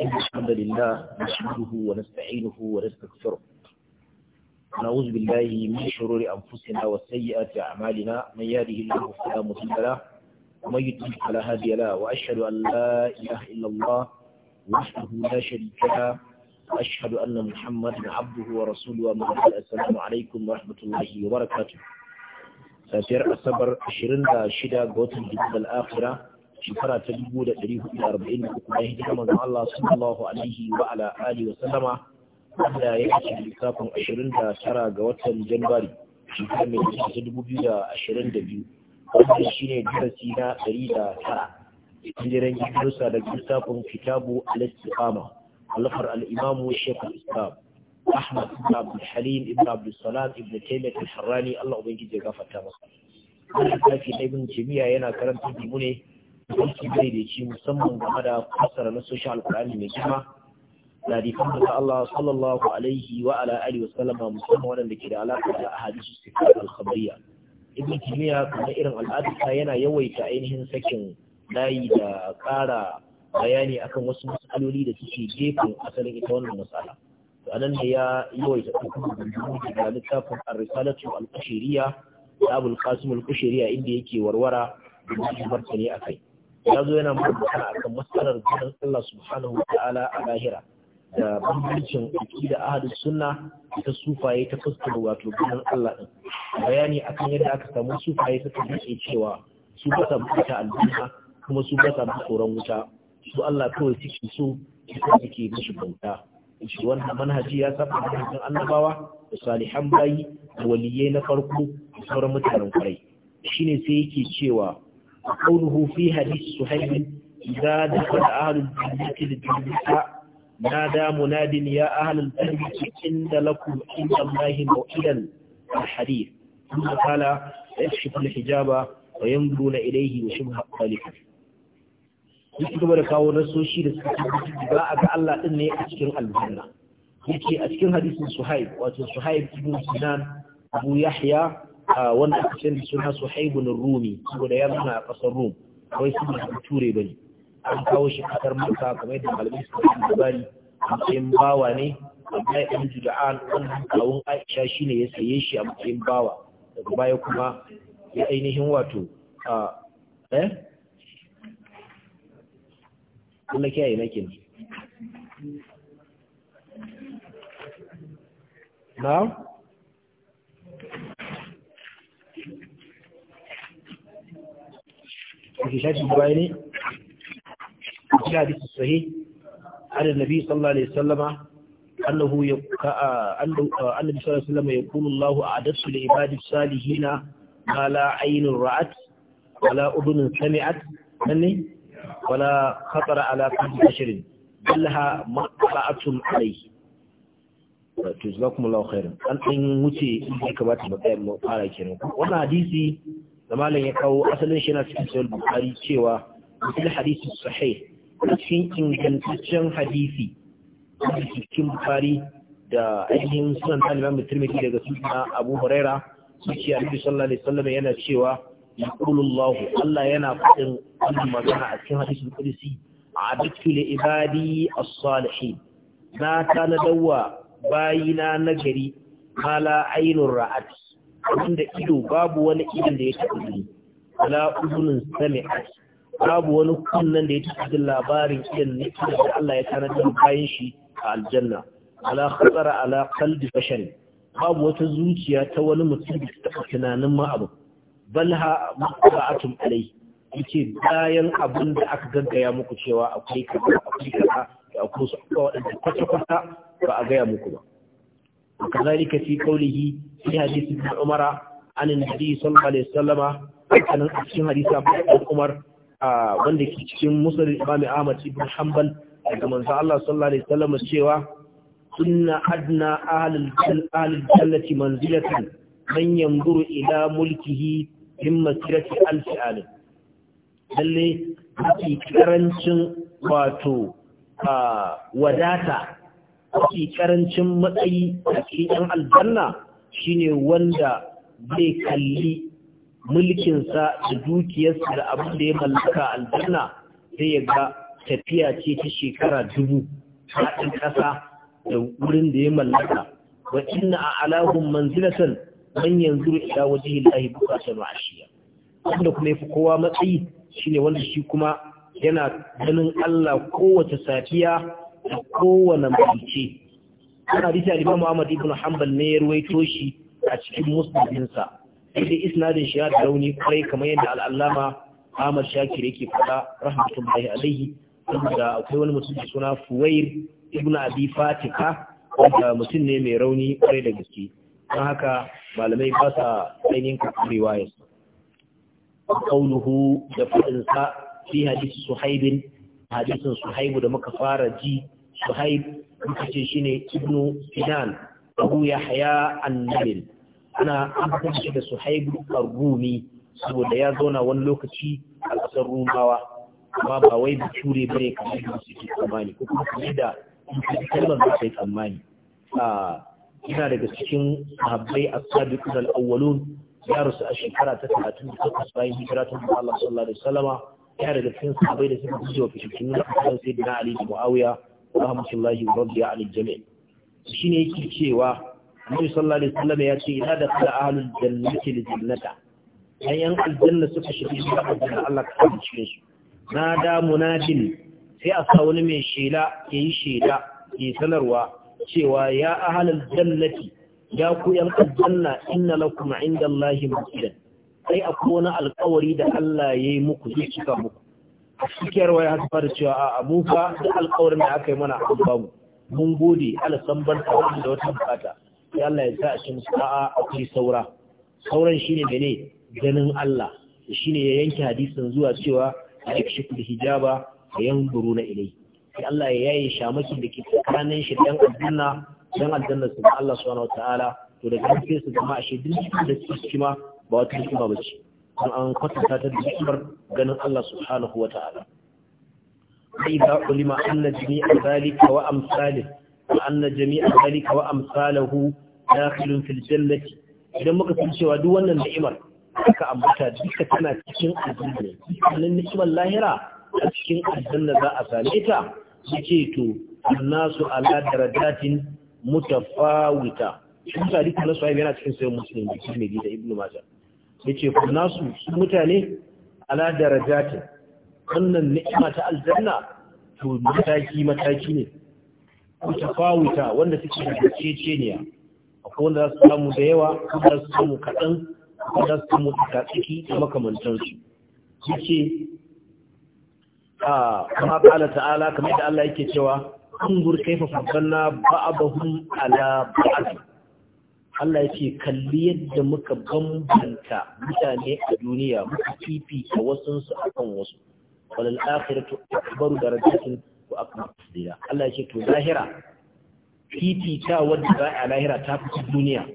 إن الحمد لله نحمده ونستعينه ونستغفره ونعوذ بالله من شرور أنفسنا وسيئات أعمالنا من يهده الله فلا مضل له ومن يضلل فلا هادي له وأشهد أن لا إله إلا الله وحده لا شريك له وأشهد أن محمدا عبده ورسوله ومن السلام عليكم ورحمة الله وبركاته سافر الصبر 26 غوتن الآخرة shekara ta dubu da 1443 bayan hijirar manzon Allah sallallahu alaihi wa ala alihi wa sallama wanda ya kace lissafin tara ga watan Janairu shekara mai ta dubu biyu da da ashirin 2022 wanda ne darasi na da 109 hijiran Musa da lissafin fitabu al-istiqama allafar al-imamu Sheikh al-Islam Ahmad ibn Abdul Halim ibn Abdul Salam ibn Taymiyyah al-Harrani Allah ubangiji ya gafarta masa. Wannan tafi na Ibn Taymiyyah yana karanta mu ne aiki daidaici musamman game da fassara na soshin alkur'ani mai girma Na hadisan daga Allah sallallahu alaihi wa ala alihi wasallama musamman waɗanda ke da alaƙa da ahadisu su al-khabariya kimiyya kamar irin al'adarsa yana yawaita ainihin sakin layi da ƙara bayani akan wasu matsaloli da suke gefen asalin ita wannan matsala to anan ne ya yawaita ɗaukar gundumi daga littafin ar-risalatu al-qashiriyya da abul al inda yake warwara da a kai. ya zo yana a kan matsalar ganin Allah subhanahu wa ta'ala a lahira da bambancin da ahadu sunna ta sufaye ta fuskar wato ganin Allah ɗin bayani akan yadda aka samu sufaye ta dace cewa su ba sa buƙata kuma su ba sa tsoron wuta su Allah kawai suke so su suke mashi bauta shi wannan manhaji ya saba manhajin annabawa da salihan bayi da waliyai na farko da sauran mutanen kwarai shine sai yake cewa وقوله في حديث سهيل إذا دخل أهل الجنة للجنة نادى مناد يا أهل الجنة إن لكم عند الله موئلا الحديث ثم قال يكشف الحجاب وينظرون إليه وشبه ذلك yake gaba da kawo nasoshi da suka tabbatar ba a ga Allah din ne a cikin aljanna yake a cikin hadisin Suhaib wato Suhaib ibn Sinan Abu Yahya wanda aka canza suna suhaibun rumi saboda ya zama a ƙasar rum wai su ba ture ba ne an kawo shi ƙasar maka kamar da malamai su kan labari a bawa ne amma ya ɗan juda'an wannan kawun aisha shi ne ya saye shi a matsayin bawa daga baya kuma ya ainihin wato a eh kuma kiyaye na في شاهد البياني في حديث الصحيح عن النبي صلى الله عليه وسلم أنه يق... أنه النبي صلى الله عليه وسلم يقول الله أعددت لعباد الصالحين ما لا عين رأت ولا أذن سمعت ولا خطر على قلب بشر بل لها ما اطلعتم عليه to jazakumullahu khairan an dan wuce in ka bata matsayar mu fara kenan wannan hadisi da malam ya kawo asalin shi na cikin sahih bukari cewa mutul hadisi sahih cikin ingantaccen hadisi cikin bukari da ainihin sunan taliban mutumiki daga suna abu huraira suke alibi sallallahu alaihi wasallam yana cewa yaqulullahu Allah yana faɗin wannan magana a cikin hadisin qudsi a'adtu li ibadi as-salihin na tanadawa bayina nagari mala ainur ra'at wanda ido babu wani idon da ya taɓa gani wala uzunin sami'at babu wani kunnan da ya taɓa jin labarin irin nikin da Allah ya tanadar bayan shi a aljanna ala khatara ala qalbi bashari babu wata zuciya ta wani mutum da ta taɓa tunanin ma abu bal ha maqba'atun alai yace bayan abin da aka gaggaya muku cewa akwai kaza akwai kaza da akwai su akwai waɗanda kwata-kwata ba a gaya muku ba وكذلك في قوله في حديث ابن عمر عن النبي صلى الله عليه وسلم كان أكشن حديث ابن عمر wanda ke cikin musulun imami ahmad ibn hanbal daga manzo Allah sallallahu alaihi wasallam cewa sunna adna ahlul ahlul jannati manzilatan man yanzuru ila mulkihi min masirati alf alim lalle mafi karancin wato wadata mafi karancin matsayi a cikin aljanna shine wanda zai kalli mulkinsa da dukiyarsa da abin da ya mallaka aljanna zai ya ga tafiya ce ta shekara dubu haɗin ƙasa da wurin da ya mallaka wa inna a alahun manzilatan man yanzu ila waje lahi ta ma'ashiya wanda kuma ya fi kowa matsayi shine wanda shi kuma yana ganin Allah kowace safiya A kowane mace ana rita da Muhammad ibn Hanbal ne ya ruwaito shi a cikin musnadinsa inda isnadin shi ya da rauni kwarai kamar yadda al'allama Ahmad Shakir yake faɗa rahmatullahi alaihi inda akwai wani mutum suna Fuwair ibn Abi Fatika wanda mutum ne mai rauni kwarai da gaske don haka malamai ba sa ainihin kakurewa ya su ƙauluhu da faɗinsa fi hadisi suhaibin hadisin suhaibu da muka fara ji suhaib muka ce ne ibnu sinan abu ya haya nabil ana amfani shi da suhaib ar-rumi saboda ya zauna wani lokaci a ƙasar rumawa amma ba wai bature bane kamar da suke tsammani ko kuma kamar da kalmar ba sai tsammani yana daga cikin sahabbai as-sabiqun al-awwalun ya rusu a shekara ta 38 bayan hijira ta Allah sallallahu alaihi wasallama ya daga cikin sahabbai da suka fito wa fitin na sai da Ali da Muawiya rahmatullahi wa rabbiya alil jami' shine yake cewa Annabi sallallahu alaihi wasallam ya ce idan da kala ahlul jannati lil jannata ayan aljanna suka shiga cikin Allah ka kawo cikin su na da munadin sai a sa wani mai shela yayi shela ke sanarwa cewa ya ahlul jannati ya ku yan aljanna inna lakum indallahi masiran sai akwai wani alƙawari da Allah ya yi muku zai cika muku cikiyar waya haka da cewa a abuka da alkawarin da aka yi mana a babu mun gode alasan barka wani da wata bukata ya Allah ya sa a cikin sa'a akwai saura sauran shine mene ganin Allah da shine ya yanke hadisin zuwa cewa a yakshifu hijaba a 'yan guru na ilai ya Allah ya yaye shamaki da ke tsakanin shi dan aljanna dan aljanna su Allah subhanahu wataala to da gaske su zama a shi duk da suke ma ba wata hikima ba ce an an kwatanta ta da hikimar ganin Allah subhanahu wata'ala sai da ulima anna jami'a zalika wa amsalih wa anna jami'a zalika wa amsalahu dakhilun fil jannati idan muka fi cewa duk wannan ni'imar aka ambata duka tana cikin aljanna wannan ni'imar lahira a cikin aljanna za a same ta yake to annasu ala darajatin mutafawita shi mutane kuma su yana cikin sayan musulmi shi ne da ibnu majah yace su su mutane ala darajatin wannan ni'ima ta aljanna to mataki mataki ne ku fawuta wanda suke da ceceniya akwai wanda za su samu da yawa kuma su samu kaɗan wanda su samu tsakatsaki da makamantansu yace ce, kama ƙala ta'ala kamar da Allah yake cewa an gur kaifa fadalla ala ba'd Allah ya ce kalli yadda muka bambanta mutane a duniya muka fifita wasunsu a kan wasu walal akhiratu akbaru darajatin wa akbar da. Allah ya ce to lahira ta wadda za a lahira ta fi duniya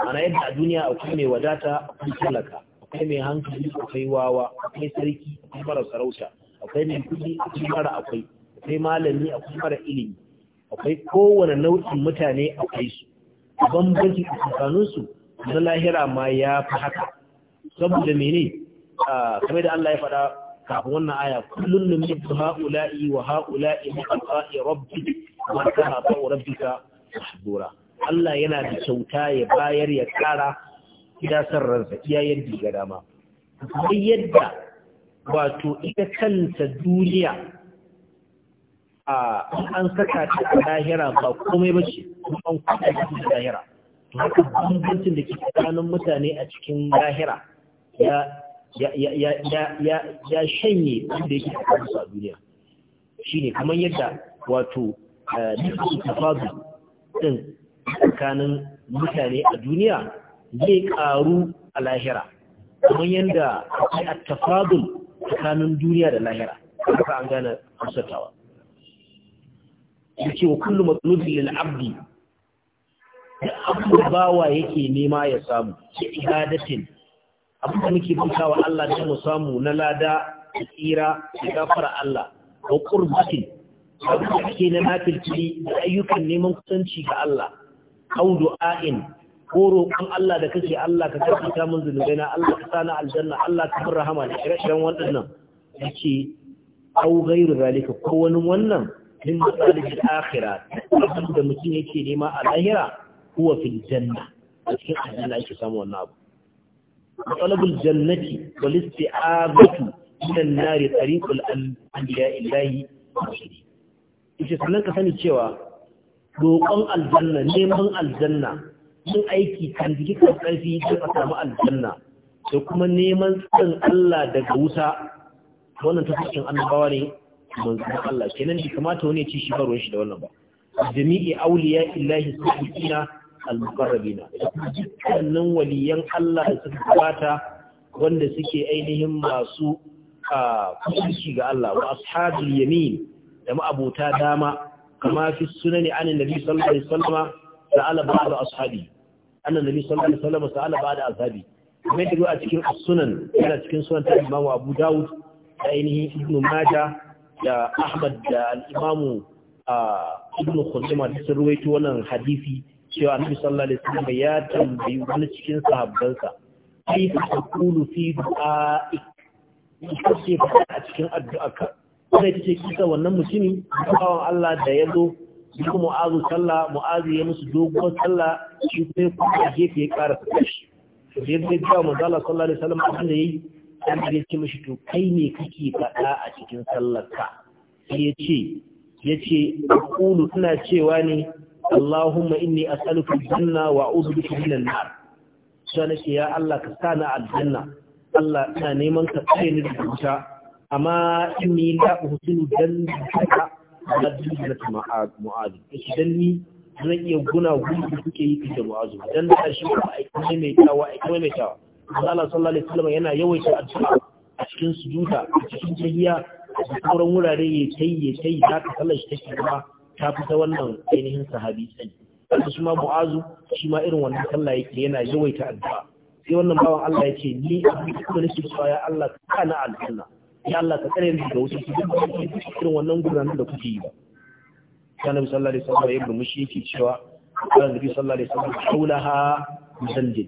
ana yadda a duniya akwai mai wadata akwai talaka akwai mai hankali akwai wawa akwai sarki akwai mara sarauta akwai mai kudi akwai mara akwai akwai malami akwai mara ilimi akwai kowane nau'in mutane akwai su bambanci a tsakaninsu na lahira ma ya fi haka saboda mene kamar da Allah ya faɗa kafin wannan aya kullun numitu ha'ula'i wa ha'ula'i min alqa'i rabbik wa kana ta'u rabbika Allah yana da kyauta ya bayar ya ƙara gida san ransa iya yadda ga dama kamar yadda wato ita kanta duniya a an saka ta a lahira ba komai ba ce an kwata ta lahira to haka bambancin da ke tsakanin mutane a cikin lahira ya shanye wanda yake tsakanin su a duniya Shi ne kamar yadda wato nufin tafadu din tsakanin mutane a duniya zai ƙaru a lahira kamar yadda a tafadul tsakanin duniya da lahira haka an gane hausatawa yake wa kullu matsalubin lil'abdi abin da bawa yake nema ya samu ke igadatin abin da muke bauta wa Allah da mu samu na lada da tsira da gafara Allah da qurbatin abin da ke na nafilci da ayyukan neman kusanci ga Allah au du'ain ko roƙon Allah da kake Allah ka karɓa min zunubai na Allah ka sani aljanna Allah ka rahama da ire-iren waɗannan ce, au ghairu zalika ko wani wannan min masalihil akhirah abin da mutum yake nema a lahira huwa fil janna a cikin aljanna yake samu wannan abu talabul jannati wal isti'abatu min an-nar tariqul anbiya'illahi yace sannan ka sani cewa roƙon aljanna neman aljanna yin aiki kan jiki kan ƙarfi don samu aljanna da kuma neman tsarin Allah daga wuta wannan tafikin annabawa ne manzon Allah kenan bai kamata wani ya ci shi ba shi da wannan ba jami'i auliya illahi sabiqina al-muqarrabina dukkanin waliyan Allah da suka gabata wanda suke ainihin masu kusurci ga Allah wa ashabul yamin da ma'abota dama kama fi sunani an annabi sallallahu alaihi wasallama sa'ala ba'd ashabi nabi sallallahu alaihi wasallama sa'ala ba'd ashabi kuma yadda a cikin as-sunan yana cikin sunan ta Imam Abu Dawud da ainihin Ibn Majah da Ahmad da al’imamu a Ibn Khuzaimah da sun ruwaito wannan hadisi cewa Annabi sallallahu alaihi wasallam ya tambayi wani cikin sahabbansa kaifa taqulu fi du'aik kace fa a cikin addu'arka sai ta ce kisa wannan mutumi. bawan Allah da ya zo duk mu'azu sallah mu'azu ya musu dogon sallah shi kuma ya gefe ya ƙara fita shi to da yadda ya ga manzo Allah sallallahu alaihi wasallam abin da yayi annabi ya ce mishi to kai ne kake faɗa a cikin sallarka sai ya ce ya ce aqulu ina cewa ne Allahumma inni as'aluka janna wa a'udhu bika minan nar sai nake ya Allah ka sa ni aljanna Allah ina neman ka tsare ni daga wuta amma inni la uhsinu dan haka da dukkan ma'ad mu'ad idan ni zan iya guna da kuke yi da mu'azu dan da shi ba aiki kuma mai tawa aiki mai tawa Allah sallallahu alaihi wasallam yana yawaita addu'a a cikin sujuda a cikin tahiyya a sauran wurare ya tayi ya tayi ta ka sallar shi take kuma ta fi ta wannan ainihin sahabi sai wanda shi mu'azu shi ma irin wannan sallah yake yana yawaita addu'a sai wannan bawan Allah yake ni abin da kuma nake cewa ya Allah ka kana aljanna ya Allah ka tsare ni daga wutar ki duk irin wannan gudanar da kuke yi ba annabi sallallahu alaihi wasallam ya burmushi yake cewa annabi sallallahu alaihi wasallam haulaha zanjid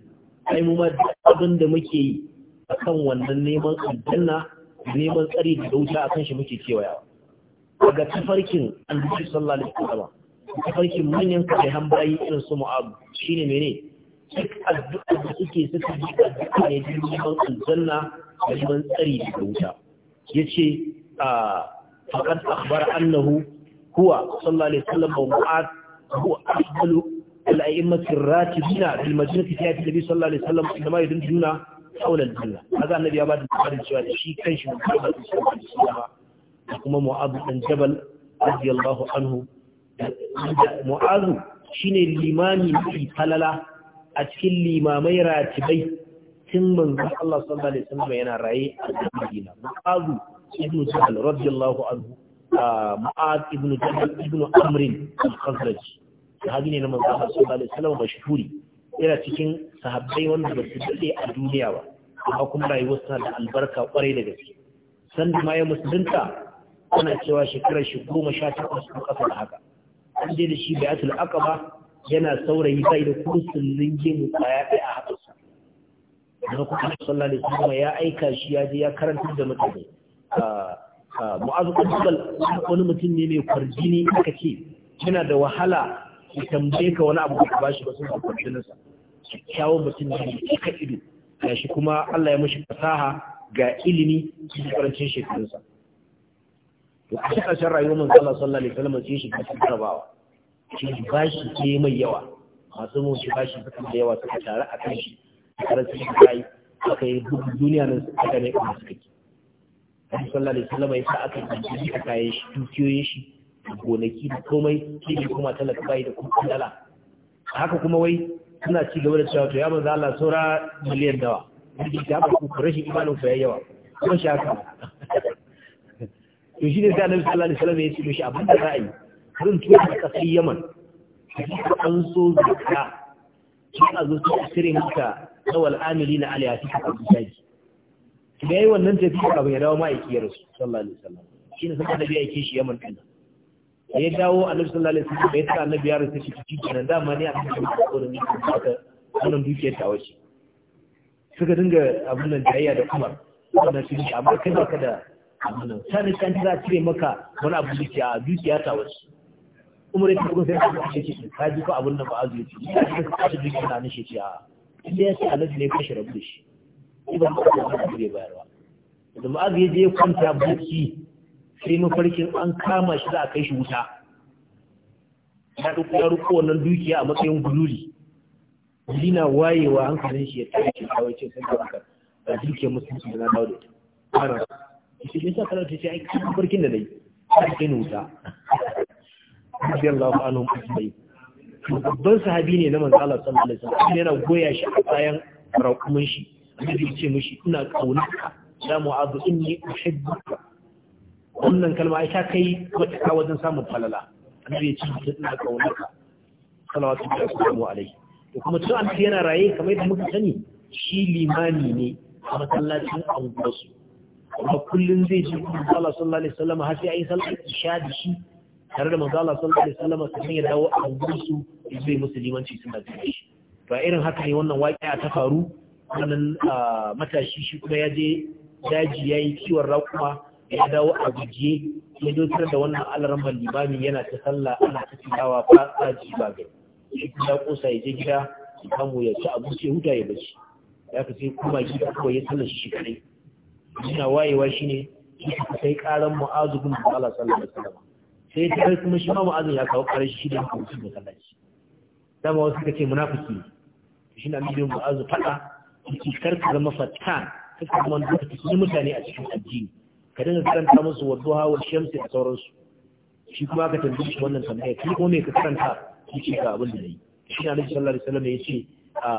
ai mu ma abin da muke yi akan wannan neman aljanna neman tsari da wuta akan shi muke kewayawa daga tafarkin annabi sallallahu alaihi wasallam tafarkin manyan kai han bayi irin su mu'ab shine mene duk addu'a da suke suka yi addu'a ne da neman aljanna da neman tsari da wuta yace a faqad akhbara annahu huwa sallallahu alaihi wasallam wa mu'ad huwa afdalu الأئمة الراتبين في المدينة في حياة النبي صلى الله عليه وسلم عندما يدندون حول الجنة هذا النبي shine limami mafi falala a cikin limamai ratibai tun manzon Allah sallallahu alaihi yana raye a Madina Mu'adh ibn Jabal radiyallahu anhu Jabal al sahabi ne na manzo Allah sallallahu alaihi wasallam mashhuri yana cikin sahabbai wanda ba su dade a duniya ba amma kuma rayuwar sa da albarka kwarai da gaske san da mai musulunta ana cewa shekarar shi goma sha takwas ko da haka an je da shi bayatul aqaba yana saurayi bai da kusullin lingin kaya ɗaya a haɗarsa na kuma sallallahu alaihi wasallam ya aika shi ya je ya karanta da mutane mu'azu kan wani mutum ne mai kwarjini aka ce yana da wahala ya tambaye ka wani abu da ba shi ba sun da kwantinansa kyawun mutum ne cika ido ga shi kuma Allah ya mashi fasaha ga ilimi cikin karancin shekarunsa to a shi ƙarshen rayuwar mun Allah sallallahu alaihi wasallam sai shi cikin karbawa shi bashi ke mai yawa masu mun shi bashi suka da yawa suka tare a kan shi karancin shi kai aka yi duniya nan aka ne kuma suka ki Allah sallallahu alaihi wasallam ya sa aka yi shi aka yi shi dukiyoyin shi gonaki da komai kiri kuma talaka bai da kuma dala haka kuma wai suna ci gaba da cewa to ya manzo Allah saura miliyan dawa kiri ya ba ku rashin imanin ku yawa ko shi haka to shi ne sai Annabi sallallahu alaihi wasallam ya ce shi abin da za a yi kun tura ka kasar Yaman an so zakka ki a zo ta sirrin ka sawal amilina alayhi ta kabu sai da yayi wannan tafiya kafin ya dawo ma'aikiyar sallallahu alaihi wasallam shi ne sai Annabi ya yake shi Yaman din da ya dawo a sallallahu alaihi wasallam bai tsaya annabi ya rasa shi cikin kenan dama ne a cikin kokarin ne aka wannan dukiyar ta wace suka dinga abin nan tayya da kuma wannan shi ne amma kai baka da abin nan Sani kan ta cire maka wani abu dukiya a dukiya ta wace umar ya kuma sai ka ce ki ka ji ko abin nan ba azu ce ya ce ka ci dukiya na ne shi ce a inda ya ce annabi ne ka shirabu shi ibn ba ka da bayarwa da ma'azu ya je kwanta buki sai mafarkin an kama shi za a kai shi wuta ya duk ya ruko wannan dukiya a matsayin gululi na wayewa hankalin shi ya tare shi kawai ce sun kawai kan ba dukiyar musulunci da na dawo da ita ana ita shi sa kana ta ce ai kan mafarkin da nayi ta ce ni wuta radiyallahu anhu ajma'in babban sahabi ne na manzala Allah sallallahu alaihi wasallam yana goya shi a bayan raƙumin shi annabi ya ce mishi ina kaunarka ya mu'adhu inni uhibbuka wannan kalma ai ta kai matuƙa wajen samun falala annabi ya ce mutum ina kaunarka salawatu da salamu alaihi to kuma tun annabi yana raye kamar yadda muka sani shi limani ne a masallacin anguwarsu kuma kullum zai ji manzo Allah sallallahu alaihi wasallam har sai ayi sallar isha da shi tare da manzo Allah sallallahu alaihi wasallam sai ya dawo a anguwarsu zai musu limanci suna da shi to irin haka ne wannan waƙiya ta faru wannan ah, matashi shi kuma ya je daji yayi kiwon raƙuma ya dawo a guje ya dotar da wannan alaramar libami yana ta sallah ana ta tilawa ba tsaji ba gari shi ya kosa ya je gida ya samu ya ci abinci ya huta ya bace ya ka sai kuma gida kawai ya sallar shi kadai Ina wayewa shine ne shi ka sai karan mu'azu bin Allah sallallahu alaihi wasallam sai ta kai kuma shi ma mu'azu ya kawo karar shi da kuma mutum masallaci dama wasu suka ce munafiki shi na mijin mu'azu fada shi karka zama fatan kaka kuma da ta mutane a cikin addini ka dinga karanta musu wadduha wa shamsi da sauransu shi kuma aka tambaye shi wannan tambaya shi kuma me ka karanta shi ce ga abin da yi shi na nabi sallallahu alaihi wasallam ya ce a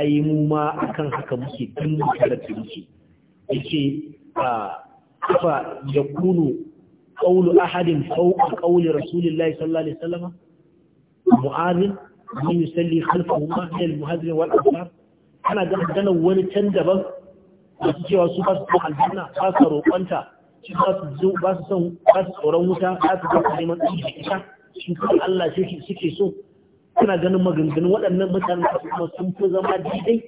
ai mu ma akan haka muke din mu karanta muke yace a kafa yakunu qawlu ahadin fawqa qawli rasulillahi sallallahu alaihi wasallam mu'adhin man yusalli khalfahu ma min al-muhajirin wal ansar ana ga wani can daban masu cewa su ba su son aljanna ba su roƙonta su ba su ba su son ba su tsoron wuta ba su ba neman tsari da ita shi kuma Allah shi suke so suna ganin maganganun waɗannan mutanen da kuma sun fi zama daidai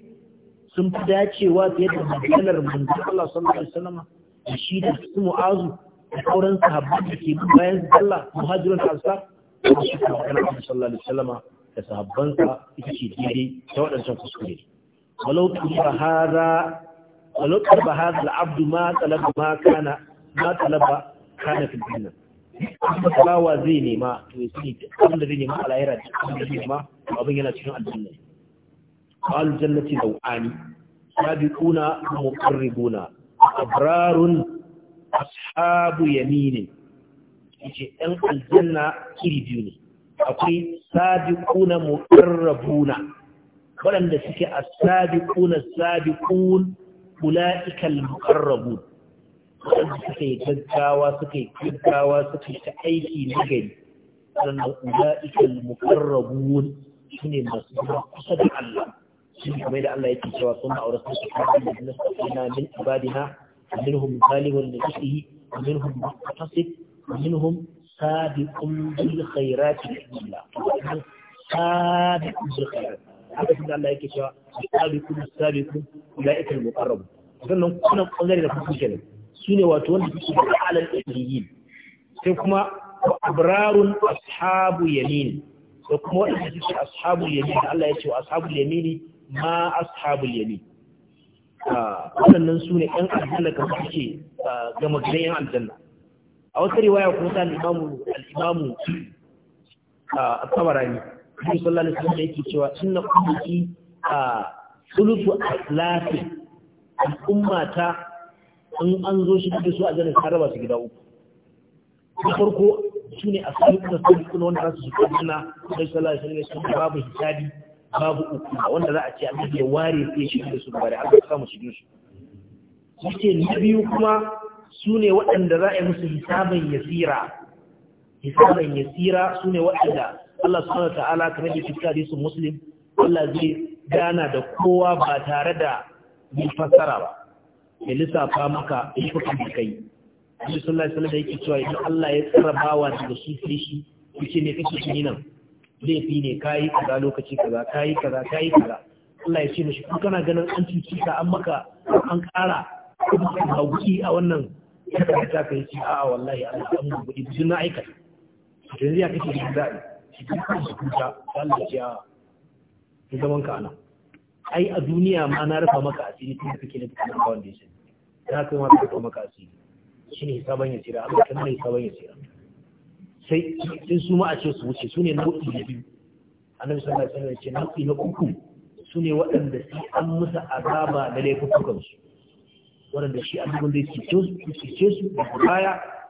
sun fi dacewa fiye da maganar manzon Allah sallallahu alaihi wasallam da shi da su mu'azu da sauran sahabban da ke bayan sallah muhajirun ansar da shi da Allah sallallahu alaihi wasallam da sahabbansa ita ce daidai ta waɗancan kuskure walau tura hada walau talaba hadal abdu ma talaba ma kana ma talaba kana fil janna bawa zai nema to ya ta abin da zai nema a lahira da abin da zai nema abin yana cikin aljanna qalu jannati dawani sabiquna muqarribuna abrarun ashabu yaminin yace ɗan aljanna iri biyu ne akwai sabiquna muqarrabuna waɗanda suke as-sabiquna sabiqun ula'ikal muqarrabun wanda suka yi gaggawa suka yi gaggawa suka yi ta aiki na gari sannan ula'ikal muqarrabun shine masu zuwa kusa da Allah shi kamar da Allah ya cewa sun aure su su kuma da nasabina min ibadina minhum zalimun li nafsihi minhum muqtasid minhum sabiqun bil khairati bi Allah sabiqun bil khairati haka shi da Allah yake cewa sabiqu sabiqu ulaika al-muqarrabun sannan kuma bangare da kuke kenan shine wato wanda kuke da alal ilmiyin sai kuma abrarun ashabu yamin sai kuma wanda suke ashabu yamin Allah ya ce wa ashabu yamin ma ashabu yamin ah Wannan sune ɗan aljanna kan suke ah, gama gidan yan aljanna a wata riwaya kuma sa imamu al-imamu a ah, tabarani Nabi sallallahu alaihi wasallam yake cewa inna ummati a sulutu aslafi ummata in an zo shi da su a janin raba su gida uku na farko su ne a sulutu sulutu wanda za su shiga jina Nabi sallallahu alaihi wasallam ya babu hisabi babu uku wanda za a ce an ya ware sai shi da su bare an samu shigin su yake na biyu kuma su ne waɗanda za a yi musu hisaban yasira hisaban yasira su ne waɗanda Allah subhanahu ta'ala kamar da cikin su Muslim Allah zai gana da kowa ba tare da yi fassara ba ya lissafa maka laifukan da kai Nabi sallallahu alaihi wasallam yake cewa idan Allah ya tsara bawa daga shi sai shi ce ne kake shi nan Zai fi ne kayi kaza lokaci kaza kayi kaza kayi kaza Allah ya ce mishi kana ganin an cuci ka an maka an ƙara kuma hauki a wannan kada ka ta kai ci a'a wallahi Allah an gudu na aikata to yanzu ya kace da da'i su kuka su ta, Allah ya ki zaman ka nan ai a duniya ma na rufa maka asiri tun da kake da kuma kawai da shi za ka ma rufa maka asiri shine hisaban ya tsira Allah kan ne hisaban ya tsira sai sai su ma a ce su wuce su ne nau'i na biyu A nan alaihi wasallam ya ce nau'i na uku su ne waɗanda sai an musa azaba da laifukan su waɗanda shi annabin zai ce su da baya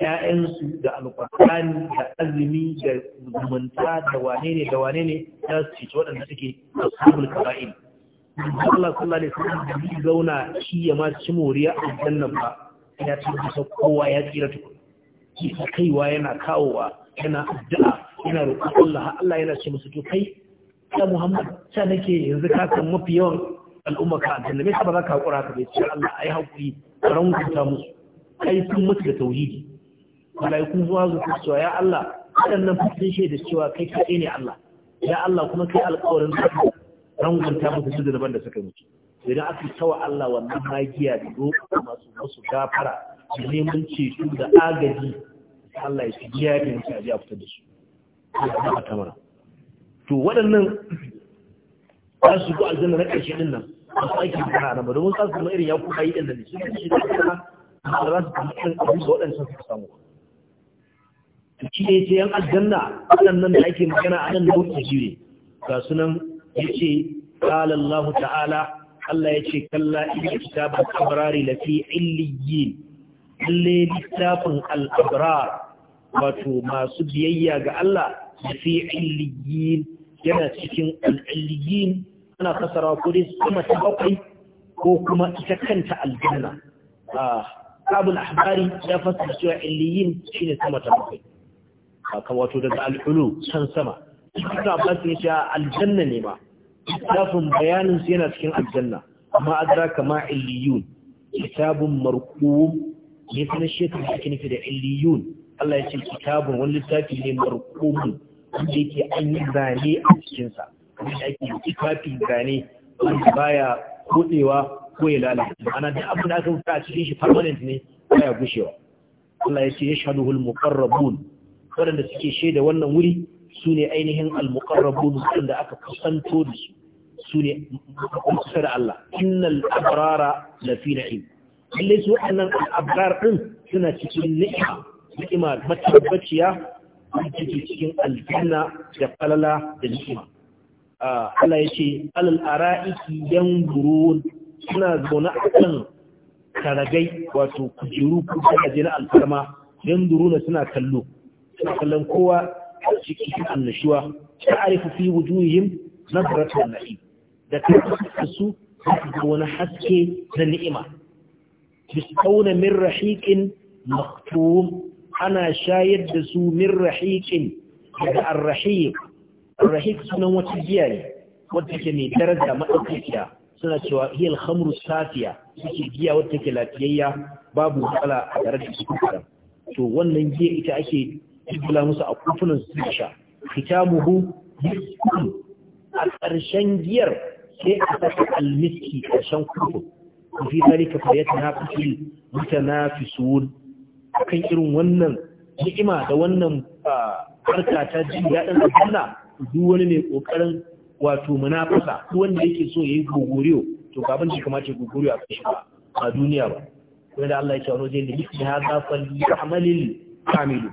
‘ya'yansu da alƙwarƙani da azumi da zumunta da wane ne da wane ne ya ce waɗanda suke a sabul kaba'in. Allah sallallahu alaihi wasallam da bi zauna shi ya ma ci moriya a jannan ba ya tabbata kowa ya tsira tukun. Ki ta kaiwa yana kawowa yana addu'a yana roƙon Allah Allah yana ce musu to kai ya Muhammad ta nake yanzu ka san mafi yawan al'umma ka aljanna me ka ba za ka haƙura ka bai ce Allah ai haƙuri ka rankunta musu kai sun mutu da tauhidi malaikun zuwa su cewa ya Allah waɗannan fitin shaida cewa kai kaɗai ne Allah ya Allah kuma kai alƙawarin zaka rangwanta musu su daban da suka mutu idan aka tawa Allah wannan magiya da roƙa masu masu gafara da neman ceto da agaji Allah ya ci biya da mutu a ji a fitar da su Allah ta to waɗannan za su ko aljanna na ƙarshe ɗin nan ba su aiki da ba domin za su zama irin ya kuka yi ɗin da ne su ne shi da ba za su kan a da waɗansu suka samu shi ne ce yan aljanna waɗannan da ake magana a nan nau'in jire ga sunan ya ce ƙalallahu ta'ala Allah ya ce kalla ina kitabin abrari lafi illiyin lalle littafin al'abrar wato masu biyayya ga Allah lafi illiyin yana cikin al'illiyin ana kasarawa kuɗi sama ta bakwai ko kuma ita kanta aljanna ah, abul ahbari ya fasa cewa illiyin shine sama ta bakwai kan wato daga al'ulu can sama suka abbas ya ce aljanna ne ma littafin bayanin su yana cikin aljanna amma adraka kama illiyun kitabun marqum ne sanin shekaru ake nufi da illiyun Allah ya ce kitabun wani littafi ne marqumun wanda yake an yi zane a cikinsa wanda ake littafi zane wanda baya kodewa ko ya lalata. ana da abin da aka rubuta a cikin shi permanent ne baya gushewa Allah ya ce yashhaduhu al-muqarrabun waɗanda suke shaida wannan wuri su ne ainihin al-muqarrabun waɗanda aka kusanto da su su ne kusa da Allah innal abrara lafi na'im lalle su waɗannan al-abrar din suna cikin ni'ima ni'ima matabbaciya take cikin aljanna da falala da ni'ima ah, Allah ya ce alal ara'iki yanzurun suna zaune a kan karagai wato kujeru ko na alfarma yan duruna suna kallo suna kallon kowa cikin annashuwa ta arifu fi na nadratul na'im da kanta su wani haske na ni'ima bisauna min rahiƙin maktum ana shayar da su min rahiƙin daga ar-rahiq sunan wata giya ne wadda ke mai daraja madaukakiya suna cewa hiyal Hamru safiya suke giya wata take lafiyayya babu matsala a tare da su kadan to wannan giya ita ake jibula musu a kofunan su sha fitamuhu miskun a ƙarshen giyar sai a saka almiski ƙarshen kofin fi zalika fa yatanafisul mutanafisun kan irin wannan ni'ima da wannan ah, harka ta jin daɗin aljanna duk wani mai ƙoƙarin. wato munafasa duk wanda yake so yayi gogoriyo to ga abin da kamata ya gogoriyo a kai ba a duniya ba kuma da Allah ya ce wani wajen da yake hada falyamalil kamilu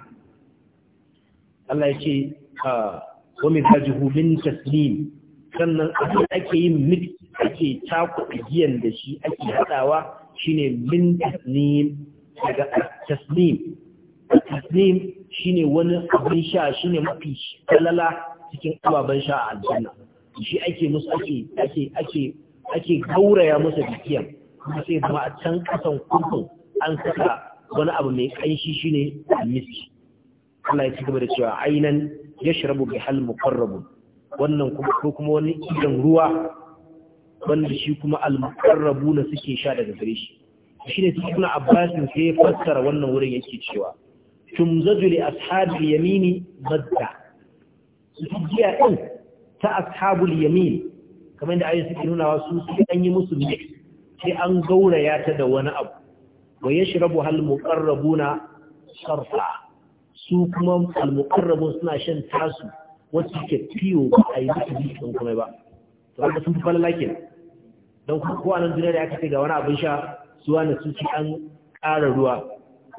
Allah ya ce ah, wa min tajhu min taslim sannan abin ake yin mix ake cakuɗa giyan da shi ake haɗawa shine min taslim daga taslim taslim shine wani abin sha shine mafi kalala cikin ababen sha a aljanna shi ake musu ake ake ake ake gauraya musu bikiyan kuma sai ba a can kasan kurkun an saka wani abu mai kanshi shine miski Allah ya ci gaba da cewa ainan yashrabu hal muqarrabun wannan kuma ko kuma wani idan ruwa wanda shi kuma al na suke sha daga gare shi shine ibn Abbas sai ya fassara wannan wurin yake cewa tumzaju li ashabi yamini madda giya din ta ashabul yamin kamar da ayyuka suke nuna wasu sai an yi musu mix sai an gauraya ta da wani abu wa yashrabu hal muqarrabuna sarfa su kuma al muqarrabun suna shan tasu wasu ke fiyo ba a yi musu mix din kuma ba to ba sun fi falala dan don ko anan duniya da aka ce ga wani abin sha su wani su ci an ƙara ruwa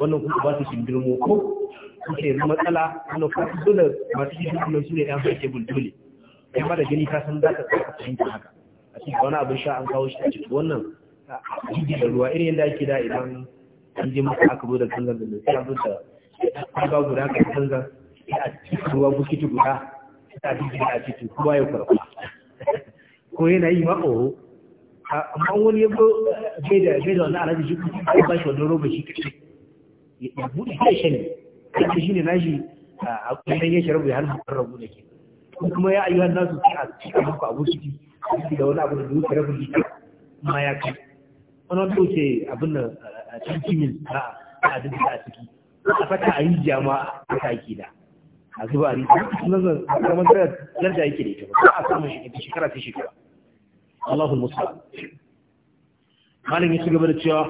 wannan kuma ba su shingirmo ko suke matsala wannan kuma dole masu shi su ne fa ke buldole ya mara gani ka san za ka tsaka fahimta haka a cikin wani abin sha an kawo shi a cikin wannan jiji da ruwa irin yadda ake da idan an je maka aka zo da kanzan da sai an zuta da kwaba guda ka kanzan sai a cikin ruwa bukiti guda sai a a cikin ruwa ya kwarkwa ko yana yi ma oho amma wani ya zo bai da bai da wannan alaji shi kuma ba shi wannan roba shi kashi ya buɗe kai shi ne kashi shi ne nashi a kuma yake shi rabu ya hannu rabu da ke ko kuma ya ayyuka na su a cika muku abu ciki da wani abu da duka rabin lita ma ya kai wani to wuce abin da a cikin min a a duk da a ciki a fata a yi jama'a a taki da a zuba a rita zan karamar daraja yake da ita ba a samun shekara ta shekara Allahun Musa Malin ya ci gaba da cewa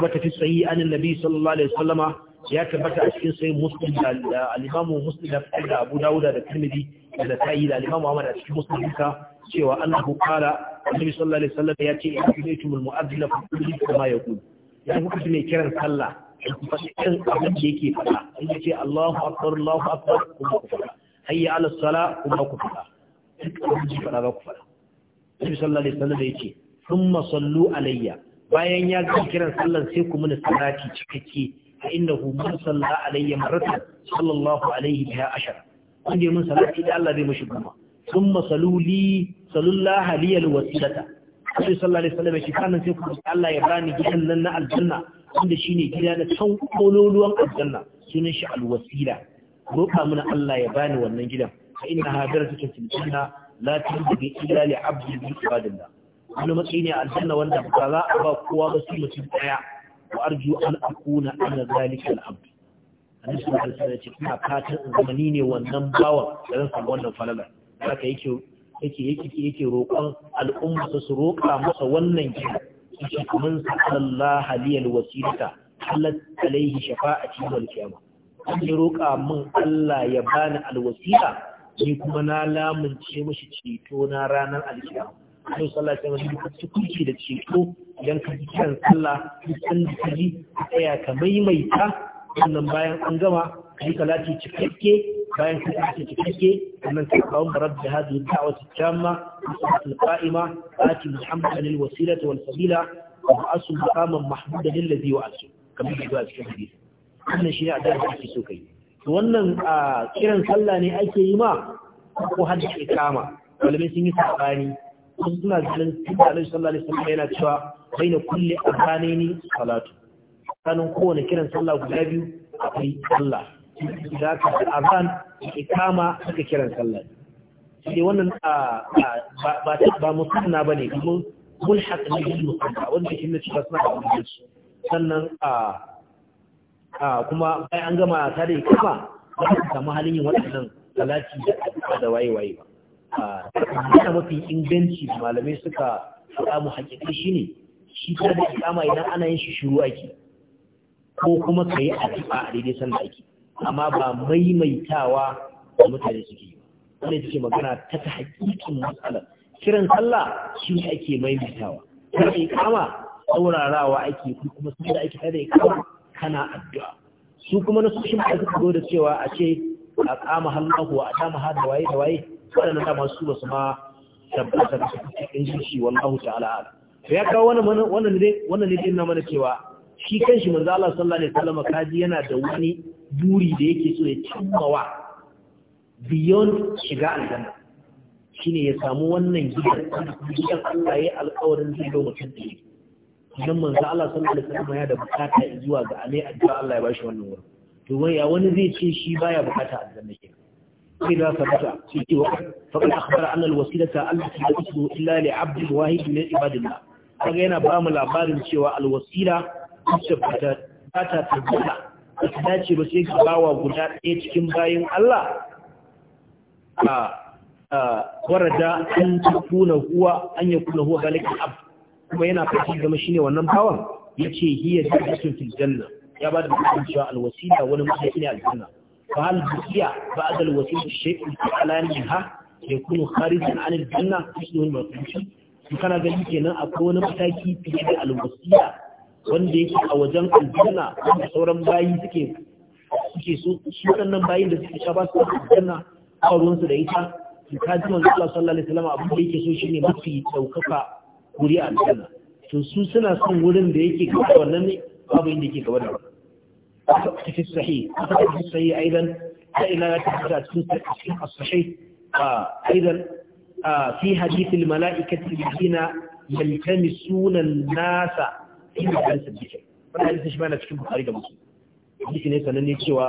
ba ta fi sayi an nabi sallallahu alaihi wasallama ya tabbata a cikin sai muslim da alimamu muslim da fitar da abu dawuda da tirmidhi da da tayi da alimamu ahmad a cikin muslim duka cewa annahu qala annabi sallallahu alaihi wasallam ya ce ya in kuntum mu'azzila fa kullu kama kuma ya Ya kuka ne kiran sallah Ya faɗi irin abin da yake faɗa in ce Allahu akbar Allahu akbar kuma ku faɗa hayya ala sala kuma ku faɗa duk abin da faɗa ba ku faɗa annabi sallallahu alaihi wasallam ya ce thumma sallu alayya bayan ya ga kiran sallan sai ku muni salati cikakke فإنه من صلى علي مرة صلى الله عليه بها عشرة عندي من صلاة إذا الله بي مشبهما ثم صلوا لي صلوا الله لي الوسيلة Sai sallallahu alaihi wasallam shi kanan sai ku Allah ya bani gidan nan na aljanna wanda shine gida na san kololuwan aljanna sunan shi alwasila roƙa mana Allah ya bani wannan gidan fa inna hadaratu fil janna la tudbi illa li abdi wani matsayi ne aljanna wanda ba za a ba kowa ba sai وأرجو أن أكون أنا ذلك العبد annabi sallallahu alaihi wasallam ce ina fatan zamani ne wannan bawa da zan samu wannan falala haka yake yake yake yake roƙon al'umma su roƙa masa wannan gida yake kaman sallallahu alaihi wasilata halat alaihi shafa'ati wal qiyamah an roƙa min Allah ya bani alwasila ni kuma na lamunce mishi ceto na ranar alkiyama Allah sallallahu alaihi wasallam duk tukunci da ko idan ka ji kiran sallah duk san da ji tsaya ka maimaita wannan bayan an gama ka yi salati cikakke bayan ka salati cikakke Wannan ka kawo da rabbi hadhihi da'wati tamma salatu qa'ima ati muhammadan alwasilata wal fadila wa asu maqaman mahmudan alladhi wa'asu kamar yadda a cikin hadisi wannan shi ne a da ake so kai wannan kiran sallah ne ake yi ma ko hadda ikama malamai sun yi sabani wasu suna ganin tun alaihi sallallahu alaihi yana cewa bai na kulle a ni salatu tsakanin kowane kiran sallah guda biyu akwai sallah da ka da azan suka kiran sallah sai wannan ba ba musanna bane kuma mulhaq ne bil musanna wanda shi ne cewa suna da mutunci sannan a kuma bayan an gama tare kama za su samu halin yin waɗannan salati da waye waye ba a mafi inganci malamai suka faɗa mu haƙiƙi shi ne shi ta da ikama idan ana yin shi shiru ake ko kuma ka yi addu'a a daidai sanda ake amma ba maimaitawa da mutane suke yi wanda suke magana ta ta haƙiƙin matsalar kiran sallah shi ne ake maimaitawa ta ikama saurarawa ake Ko kuma su da ake ta da ikama kana addu'a su kuma na sushin da suka zo da cewa a ce a kama hannu a dama har da waye da waye waɗanda dama masu ba su ma tabbata da suke cikin shi wallahu ta'ala ala ya kawo wannan wannan ne wannan ne din mana cewa shi kanshi manzo Allah sallallahu alaihi wasallam kaji yana da wani buri da yake so ya cimmawa beyond shiga aljanna shine ya samu wannan gidan gidan Allah ya alƙawarin zai ga mutum da yake idan manzo Allah sallallahu alaihi wasallam ya da bukata zuwa ga a addu'a Allah ya bashi wannan wurin to ya wani zai ce shi baya bukata aljanna kenan إذا ثبت في وقت فقد أخبر أن الوسيلة التي لا تسمو إلا لعبد واحد من عباد الله فغينا بام العبار سوى الوسيلة تثبت باتا تثبت أتداتش بسيك باوا قدات إيتكم باين الله ورد أن تكون هو أن يكون هو ذلك العبد kuma yana fashin zama shine wannan bawan yace hiya da cikin aljanna ya ba da mutunci alwasila wani mahaifi ne aljanna فهل بقي بعد الوسيلة الشيء على منها يكون خارجا عن الجنة مثله المرتبط كان قال كنا أكون متاكي في هذا الوسيلة wanda yake a wajen aljanna wanda sauran bayi suke suke so shi waɗannan bayin da suke ba su aljanna a ruwansu da ita to ka ji manzo Allah sallallahu alaihi wasallam abin da yake so shine mafi daukaka wuri a aljanna to su suna son wurin da yake gaba wannan ne babu inda yake gaba da wannan وتؤتي في الصحيح وتؤتي في الصحيح أيضا فإلا لا تحدث في التحقيق الصحيح أيضا آه، في حديث الملائكة الذين يلتمسون الناس في مدرسة الذكر ولا حديث شبانة تكون بخاريدة مصر حديث نيسا ننيكي و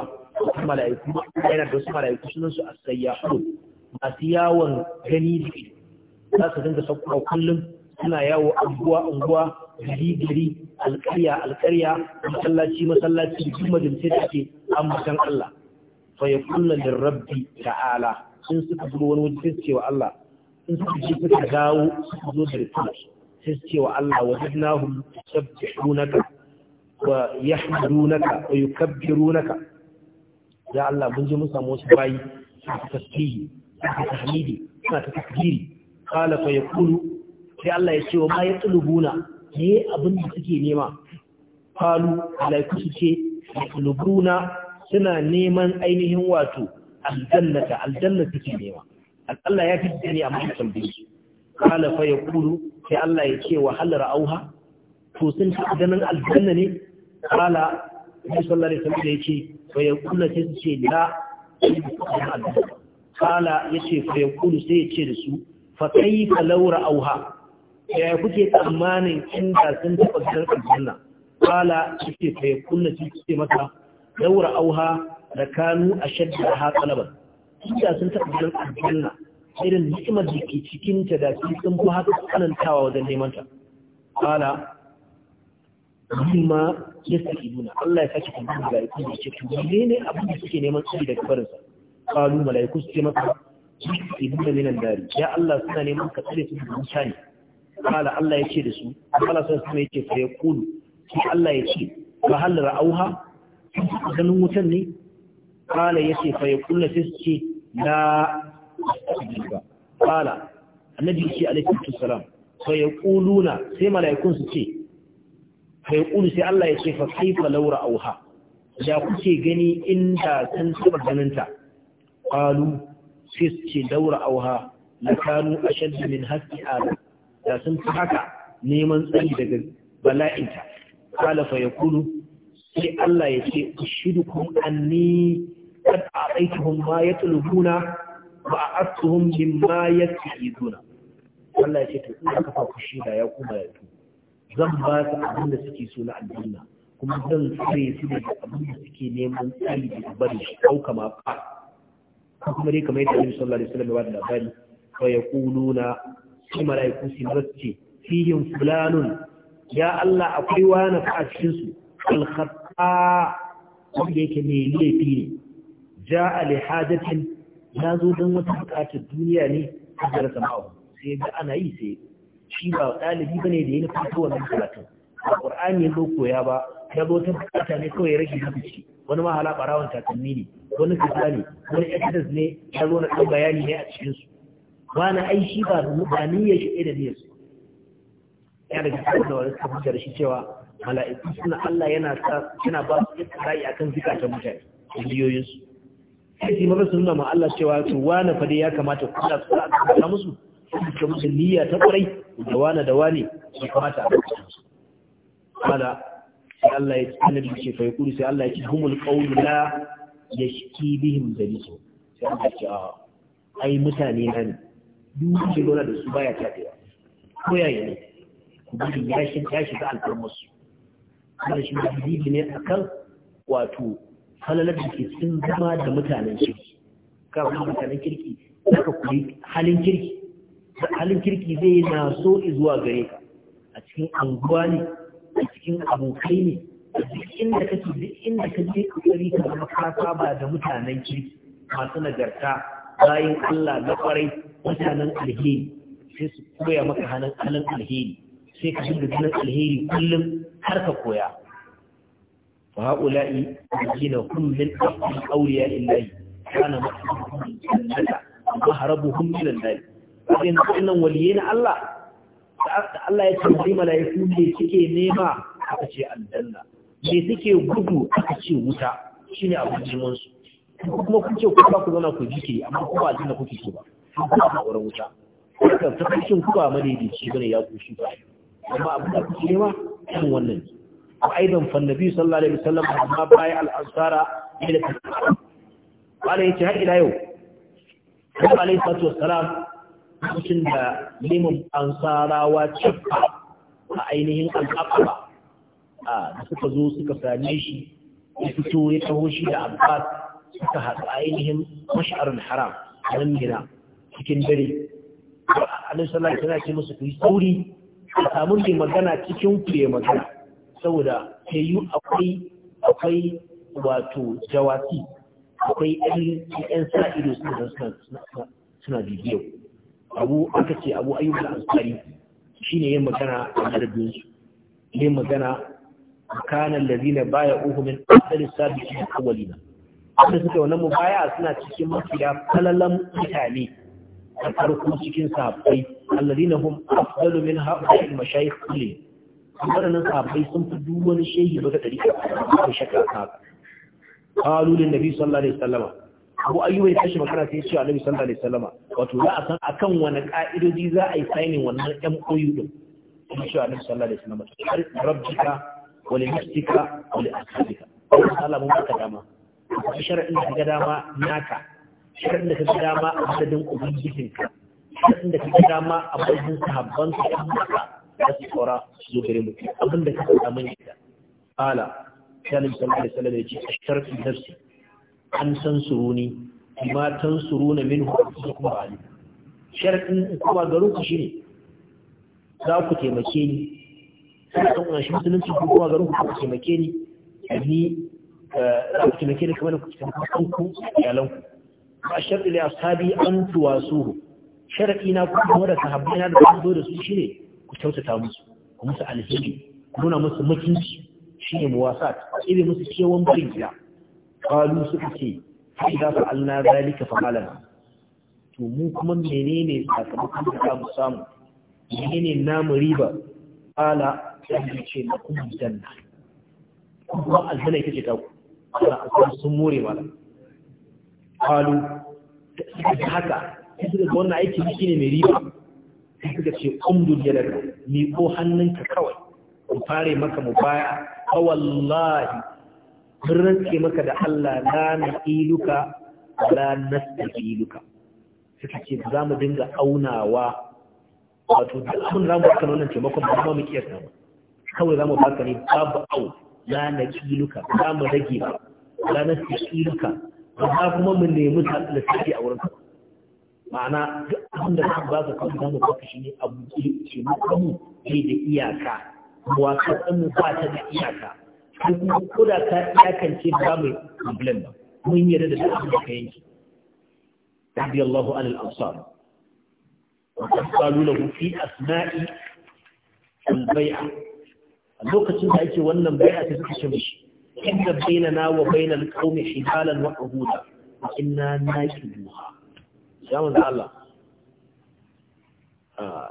الملائكة أين الدرس ملائكة شنن سوء السياحون ما سياوان غني ذكر ناس أقول فوق أنا كلم هنا ياو أبوا أبوا gari gari alƙarya alƙarya masallaci masallaci duk majalisai da ake bakan Allah fa ya yaqulna Rabbi ta'ala sun suka zo wani wajen cewa Allah in suka ji suka dawo suka zo da rikin sai cewa Allah wajadnahum runaka, wa yahmadunaka wa yukabbirunaka ya Allah mun ji mun samu wasu bayi suka tasbihi suka tahmidi ta takbiri qala fa yaqulu sai Allah ya ce wa ma yatlubuna ne abin da suke nema falu alaiku su ce lubuna suna neman ainihin wato aljannata aljanna suke nema Allah ya fitta ne a mahaifisan biyu kala fa ya kulu sai Allah ya ce wa halar auha to sun ta ganin aljanna ne kala ya sallar ya da ya ce fa ya kula sai su ce la kala ya ce fa kulu sai ya ce da su fa kai ka laura auha ya kuke tsammanin inda sun taɓa gidan aljanna kala suke kai kunna suke mata daura auha da kanu a shadda ha talabar inda sun taɓa gidan aljanna irin nikimar da ke cikin ta da su sun fi haka tsanantawa wajen neman ta kala ma ya saki nuna Allah ya saki kan da ya kuma ce tuni ne abin da suke neman tsari daga barinsa kalu mala'iku su ce maka ibnu minan dari ya Allah suna neman ka tsare su da mutane kala Allah ya ce da su kala sun sama ya ce fa ya kulu sai Allah ya ce ba hal auha? sun taɓa ganin wutan ne kala ya ce fa ya kulu sai su ce la ba kala annabi ce alaihi salam fa ya na sai mala'ikun su ce fa kulu sai Allah ya ce fa kaifa laura auha. da kuke gani inda sun taɓa ganinta. ta qalu sai su ce law ra'auha lakanu ashadda min haqqi ala da sun fi haka neman tsayi daga bala'inta kala fa ya kulu sai Allah ya ce ushidukum anni kad a'taytuhum ma bin ma a'atuhum mimma yastahiduna Allah ya ce to in kafa fa ku shida ya kuma ya zan ba su abin da suke so na aljanna kuma zan tsare su da abin da suke neman tsayi daga bari shi ɗauka ma fa kuma dai kamar yadda Annabi sallallahu alaihi wasallam ya bada labari fa yaquluna sai mala'iku su maza fulanun ya Allah akwai wani fa a cikin su alkhata wanda yake mai laifi ne Ja li ya zo don wata bukatar duniya ne a jira sama'u sai ga ana yi sai shi ba ɗalibi ne da ya nufi wannan karatun a ƙur'ani ya zo koya ba ya zo ta bukata ne kawai rage hafici wani mahala hala ɓarawan takalmi ne wani kaza ne wani exodus ne ya zo na ɗan bayani ne a cikinsu wani ai shi ba ba niyyar shi da niyyar su ya daga cikin da wani kafin shi cewa mala'iku suna Allah yana sa yana ba su yadda rai akan zikatan mutane da niyoyin su sai shi mafi sunna ma Allah cewa to wani fa ya kamata ku da su a kan musu da musu niyya ta kwarai da wani da wani su kamata a kan su kala sai Allah ya da ce fa yaqulu sai Allah ya ce humul qawlu la yashki bihim dalil sai Allah ya ce ai mutane na ne duk wanda lura da su baya tafiya ko yaya ne ku bari ya shiga alfarmarsu kuma shi da ne akan? wato halalar da ke sun zama da mutanen kirki kawai mutanen kirki za ka kuri halin kirki halin kirki zai na so zuwa gare ka a cikin anguwa ne a cikin abokai ne duk inda kake duk inda ka kokari ka zama ka saba da mutanen kirki masu nagarta bayin Allah na kwarai mutanen alheri sai su koya maka hannun halin alheri sai ka shiga ganin alheri kullum har ka koya wa haula'i alladhina hum min awliya illahi kana maharabuhum jannata maharabuhum min an A bayan wannan waliye na Allah da Allah ya tambayi mala'iku ne suke nema aka ce aljanna me suke gudu aka ce wuta Shi ne abin jimansu kuma kun ce kuma ku zauna ku jike amma kuma ba da kuke so ba kuma ba wurin wuta haka ta kashin kuma madaidaici bane ya kushi ba amma abin da kuke nema irin wannan ne wa aidan fa annabi sallallahu alaihi wasallam amma bai al ansara ila tasawuf wala yace har ila yau Nabi alaihi salatu wassalam lokacin da limin ansarawa cikin a ainihin al'aqaba a suka zo suka same shi ya fito ya taho shi da abbas suka haɗu ainihin mashi'arun haram a nan gina cikin dare alaihi sallallahu tana ce musu ku yi sauri a samun ne magana cikin kuye ya magana saboda ke yi akwai akwai wato jawasi akwai yan sa ido suna bibiyar abu aka ce abu ayyukan ansari shine yin magana a garbin su yin magana a kanan lazina baya uhu min asalin sabiqin awwalina wanda suke wannan mubaya suna cikin mafiya falalan mutane a farko cikin sahabbai alladina hum afdalu min ha'ula'i mashayikh kulli waɗannan sahabbai sun fi duk wani shehi ba ga dari ba shakka haka qalu lin nabi sallallahu alaihi wasallam abu ayyuba ya tashi magana sai ya ce annabi sallallahu alaihi wasallam wato za a san akan wani ka'idoji za a yi signing wannan MOU din kuma shi annabi sallallahu alaihi wasallam har rabbika wa li nafsika wa li ashabika Allah mun baka dama a sharaɗin da ga dama naka sharaɗin da ka ga dama a madadin ubangijinka sharaɗin da ka ga dama a madadin sahabban ka ɗan maka da su tsora su zo gare mutum abin da ka faɗa mun yadda ala sanin sallallahu alaihi wasallam ya ce a sharaɗin nafsi an san suruni amma tan suruna min hukumar kuma ali sharaɗin kuma garin ku shine za ku taimake ni sai ɗan ƙarshen musulunci ko kuma garin ku ku taimake ni ni Eh, za ku taimake ni kamar ku taimake kanku iyalanku ba sharɗi da ashabi an tuwa su sharaɗi na ku kuma da sahabbai na da ban zo da su shine ku kyautata musu ku musu alheri ku nuna musu mutunci shine muwasat ibe musu kewan barin gida qalu suka ce fa idza fa'alna zalika fa malana to mu kuma menene sakamakon da za mu samu menene namu riba ala sai ce na kuma janna kuma aljanna ita ce ta ku ana asar sun more mana kalu suka ji haka suka ga wannan aiki shi ne mai riba suka ce hannunka kawai mu fare maka mu baya a wallahi rinke maka da Allah na na iluka la iluka suka ce za mu dinga aunawa wato abin da za mu baka wannan makon ba mu kiyasta kawai za mu baka ne babu au la kiluka za mu rage ba la naqiluka ba za kuma mu nemi lissafi a wurin ma'ana duk abin da za mu ba ka kawai za mu shi ne abu ke makamu ne da iyaka wa kasanmu ba ta da iyaka sai kuma ko da ka iyakance ba mai complain ba mun yarda da abin da ka yanki رضي الله عن الأنصار وقد قالوا له في أثناء البيعة a lokacin da ake wannan baya ta suka ce mishi inda baina na wa baina qaumi hijalan wa quhuda wa inna naqiduha ya manzo Allah ah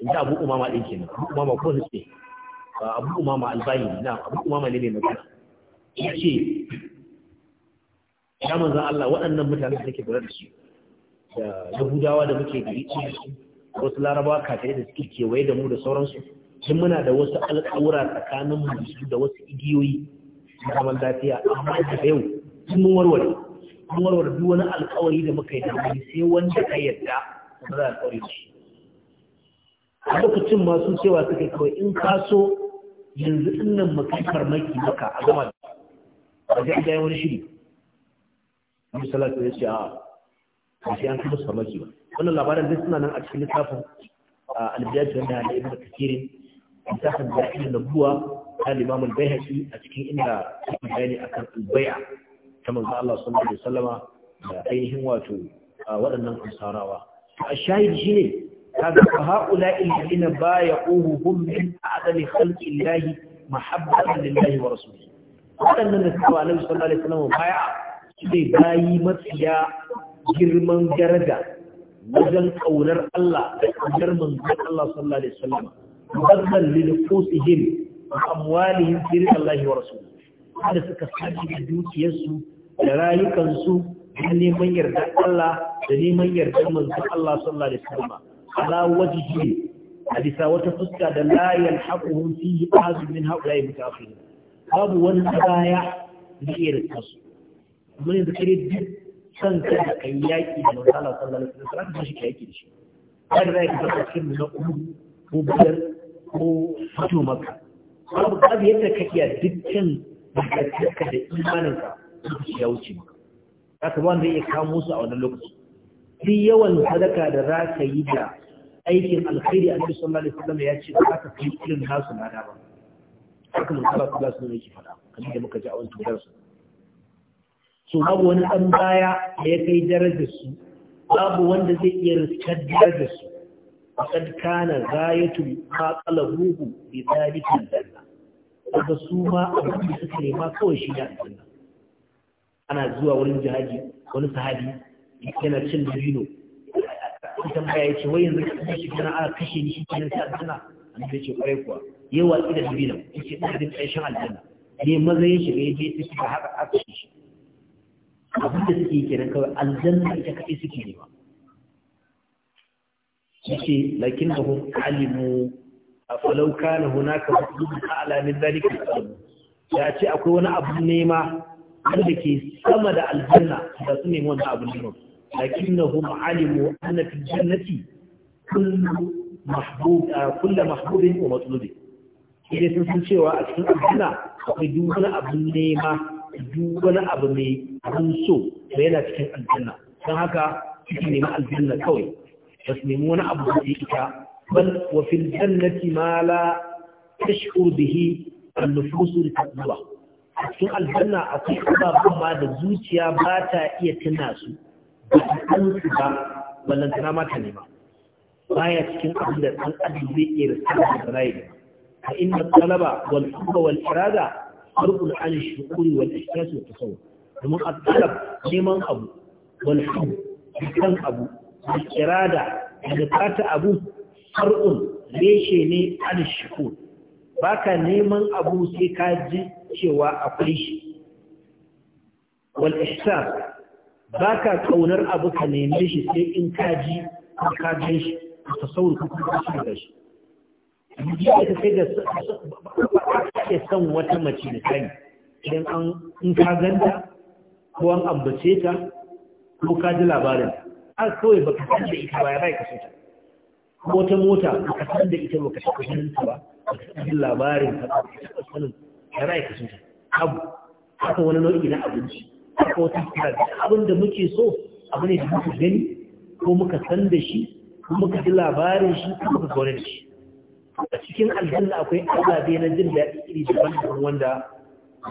inda Abu Umama din kenan Abu Umama ko sai Abu Umama Albani na Abu Umama ne ne magana yace ya manzo Allah waɗannan mutane da nake gura da su da Yahudawa da muke gari ci wasu Larabawa kafai da suke kewaye da mu da sauransu tun muna da wasu alƙawura tsakanin mu da wasu igiyoyi na zaman lafiya amma da yau sun mun warware mun warware duk wani alƙawari da muka yi da wani sai wanda ka yarda ba za a tsare shi a lokacin masu cewa suka kawai in ka so yanzu din nan mu farmaki maka a gama da ba sai an wani shiri Abu Salatu ya ce a ba sai an kuma farmaki ba wannan labarin zai suna nan a cikin littafin albiyatu da da kirin misahan da ake nabuwa ta limamul bayhaqi a cikin inda ake bayani kan albaya ta manzo Allah sallallahu alaihi wasallama da ainihin wato waɗannan ansarawa a shahid shine kaga haula illina bayaquhum min a'dali khalqi Allah mahabbatan lillahi wa rasulihi waɗannan da suka annabi sallallahu alaihi wasallam baya suke bayi matsiya girman daraja wajen kaunar Allah da kaunar manzon Allah sallallahu alaihi wasallam mubazzal lil qusihim wa amwalihim fi Allah wa rasul wanda suka saki da dukiyarsu da rayukansu da neman yarda Allah da neman yarda manzo Allah sallallahu alaihi wasallam ala wajhi hadisa wata fuska da la yalhaquhum fihi azmin min haula'i mutaakhirin babu wani tsaya da irin su. mun yanzu kare duk san ka da kai yaki da manzo Allah sallallahu alaihi wasallam ka shi yaki da shi kada zai ka fara cikin na umu ko bidar ko fito maka babu babu yadda ka iya dukkan bukatarka da imaninka lokaci ya wuce maka za ka wanda ya kawo musu a wannan lokaci duk yawan sadaka da za ka yi da aikin alkhairi a cikin sallallahu alaihi wasallam ya ce ba ka kai irin nasu na ba haka mun kala kula sun yake fada kamar da muka ji a wancan su. so babu wani dan baya da ya kai darajar su babu wanda zai iya rikar darajar su faƙad kana gayatu ma qalabuhu bi dhalika janna daga su ma abin da suka nema kawai shi da aljanna ana zuwa wurin jihadi wani sahabi yana cin dabino idan baya yace wai yanzu kuma shi kana a kashe ni shi kenan sai aljanna annabi ce kwarai kuwa yawa ida dabino yace ina da tsayin aljanna ne maza ya shiga ya yaje ta shiga haka aka shi abin da suke kenan kawai aljanna ita kaɗai suke nema yake lakinnahum alimu afalau kana hunaka da a'la min dhalika ya ce akwai wani abu nema wanda ke sama da aljanna da su nemi wani abu nema lakinnahum alimu anna fil jannati kullu ah, mahbubin wa matlubin idan sun san cewa a cikin aljanna akwai duk wani abu nema duk wani abu mai abun so da yana cikin aljanna don haka suke nema aljanna kawai ba wani abu da ita bal wa fil jannati ma la tashkur bihi an-nufusu litazwa a cikin aljanna akwai ababen ma da zuciya ba ta iya tuna su ba ta su ba ballantana ma ta nema baya cikin abin da ɗan adam zai iya rasa da zanayi fa inna talaba wal hubba wal irada farqul an shukuri wal ihsas wa tasawwur domin at-talab neman abu wal hubba kan abu al-irada kata abu far'un reshe ne al-shukur baka neman abu sai ka ji cewa akwai shi wal ihsan baka kaunar abu ka neme shi sai in ka ji ka ji shi ka sauri ka kuma shi da shi ji ka sai da son wata mace da kai idan an ka ganta ko an ambace ta ko ka ji labarin har kawai baka san da ita ba ya bai kashe ta ko ta mota baka san da ita baka san kashin ta ba baka san labarin ta ba baka san ya bai kashe ta abu haka wani nau'i na abinci haka wata kira abin da muke so abu ne da muka gani ko muka san da shi ko muka ji labarin shi ko muka gane da shi a cikin aljanna akwai azabe na jin daɗi iri daban-daban wanda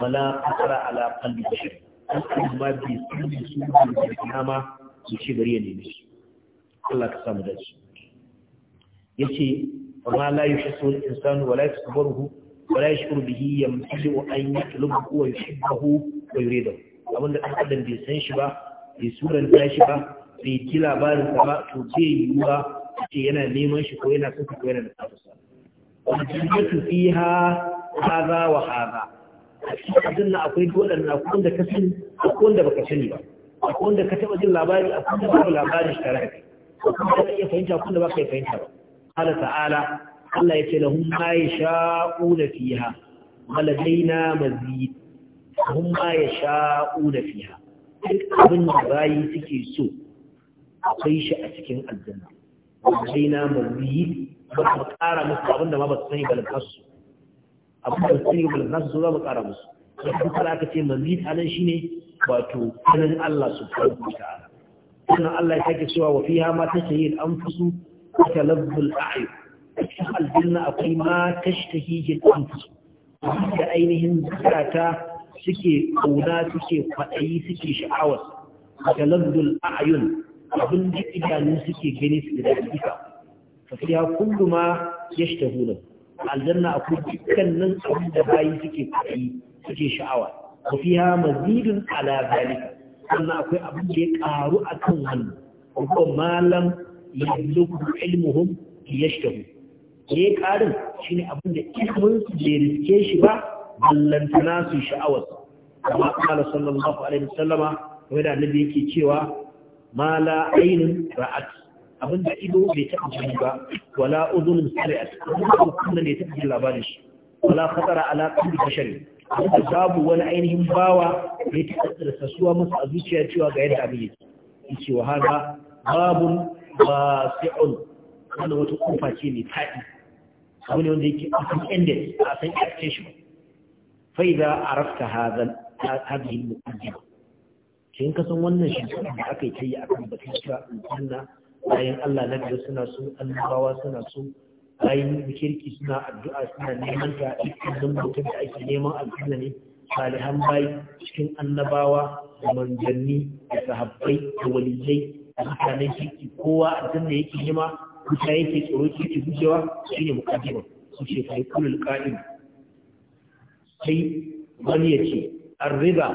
bala asara ala kalli bashir an kalli ma bi sun su da nama su ci bari ya neme su Allah ka samu dace yace ma la yushisu al-insan wa la yasburuhu wa la yashkuru bihi yamtali wa an yatlubu wa yuhibbuhu wa yuridu da dan adam bai san shi ba bai suran shi ba bai ji labarin sa ba to ce yiwuwa ce yana neman shi ko yana son ko yana da tsafarsa wa jinnatu fiha hadha wa hadha a cikin akwai waɗannan na wanda ka kasin akwai wanda baka sani ba akwai wanda ka taɓa jin labari a kuma babu labari sharafi kuma ka iya fahimta kuma ba ka iya fahimta ba qala ta'ala Allah yace lahum ma yasha'una fiha waladaina mazid lahum ma yasha'una fiha duk abin da bayi suke so akwai shi a cikin aljanna waladaina mazid ba mu ƙara musu abin da ma ba su sani ba lantarsu abin da su sani ba lantarsu za mu ƙara musu da kuma aka ce mazid a nan shine wato kanin Allah subhanahu wa ta'ala sannan Allah ya sake cewa wa fiha ma tashayi al-anfusu wa talabbu al-a'yun cikin aljanna akwai ma tashtahi al-anfusu da ainihin zakata suke kauna suke kwaɗayi suke sha'awar da labdul a'ayun abin da idanun suke gani su da hakika fa fiya kullu ma yashtahuna aljanna akwai dukkanin abin da bayi suke kwaɗayi suke sha'awa wa mazidin mazidun ala zalika sannan akwai abin da ya karu akan wannan ko malam da ilmuhum yashtahu ke karin shine abin da ilmin su bai riske shi ba ballantana su sha'awar kama kala sallallahu alaihi wasallama da annabi yake cewa mala ainin ra'at abin da ido bai taɓa gani ba wala udhunun sami'at kuma ne taɓa jin labarin shi wala khatara ala qalbi bashari wanda babu wani ainihin bawa da ya taɓa tsarkasuwa masa a zuciya cewa ga yadda abin yake ya ce wa hana babun ba sai'un wanda wata kofa ce mai faɗi abu ne wanda yake akan ended a san ƙarshe shi fai za a rafta hazan hadihin mukaddima kin ka san wannan shi da aka yi ta yi akan batun cewa aljanna bayan Allah na biyar suna so annabawa suna so bayin da kirki suna addu'a suna neman ta cikin mutum da ake neman aljanna ne salihan bai, cikin annabawa da manjanni da sahabbai da waliyai da mutanen kirki kowa aljanna yake nema kuta yake tsoro yake gujewa ne mukaddima su ce fa yaqulul qa'im sai wani yace arriba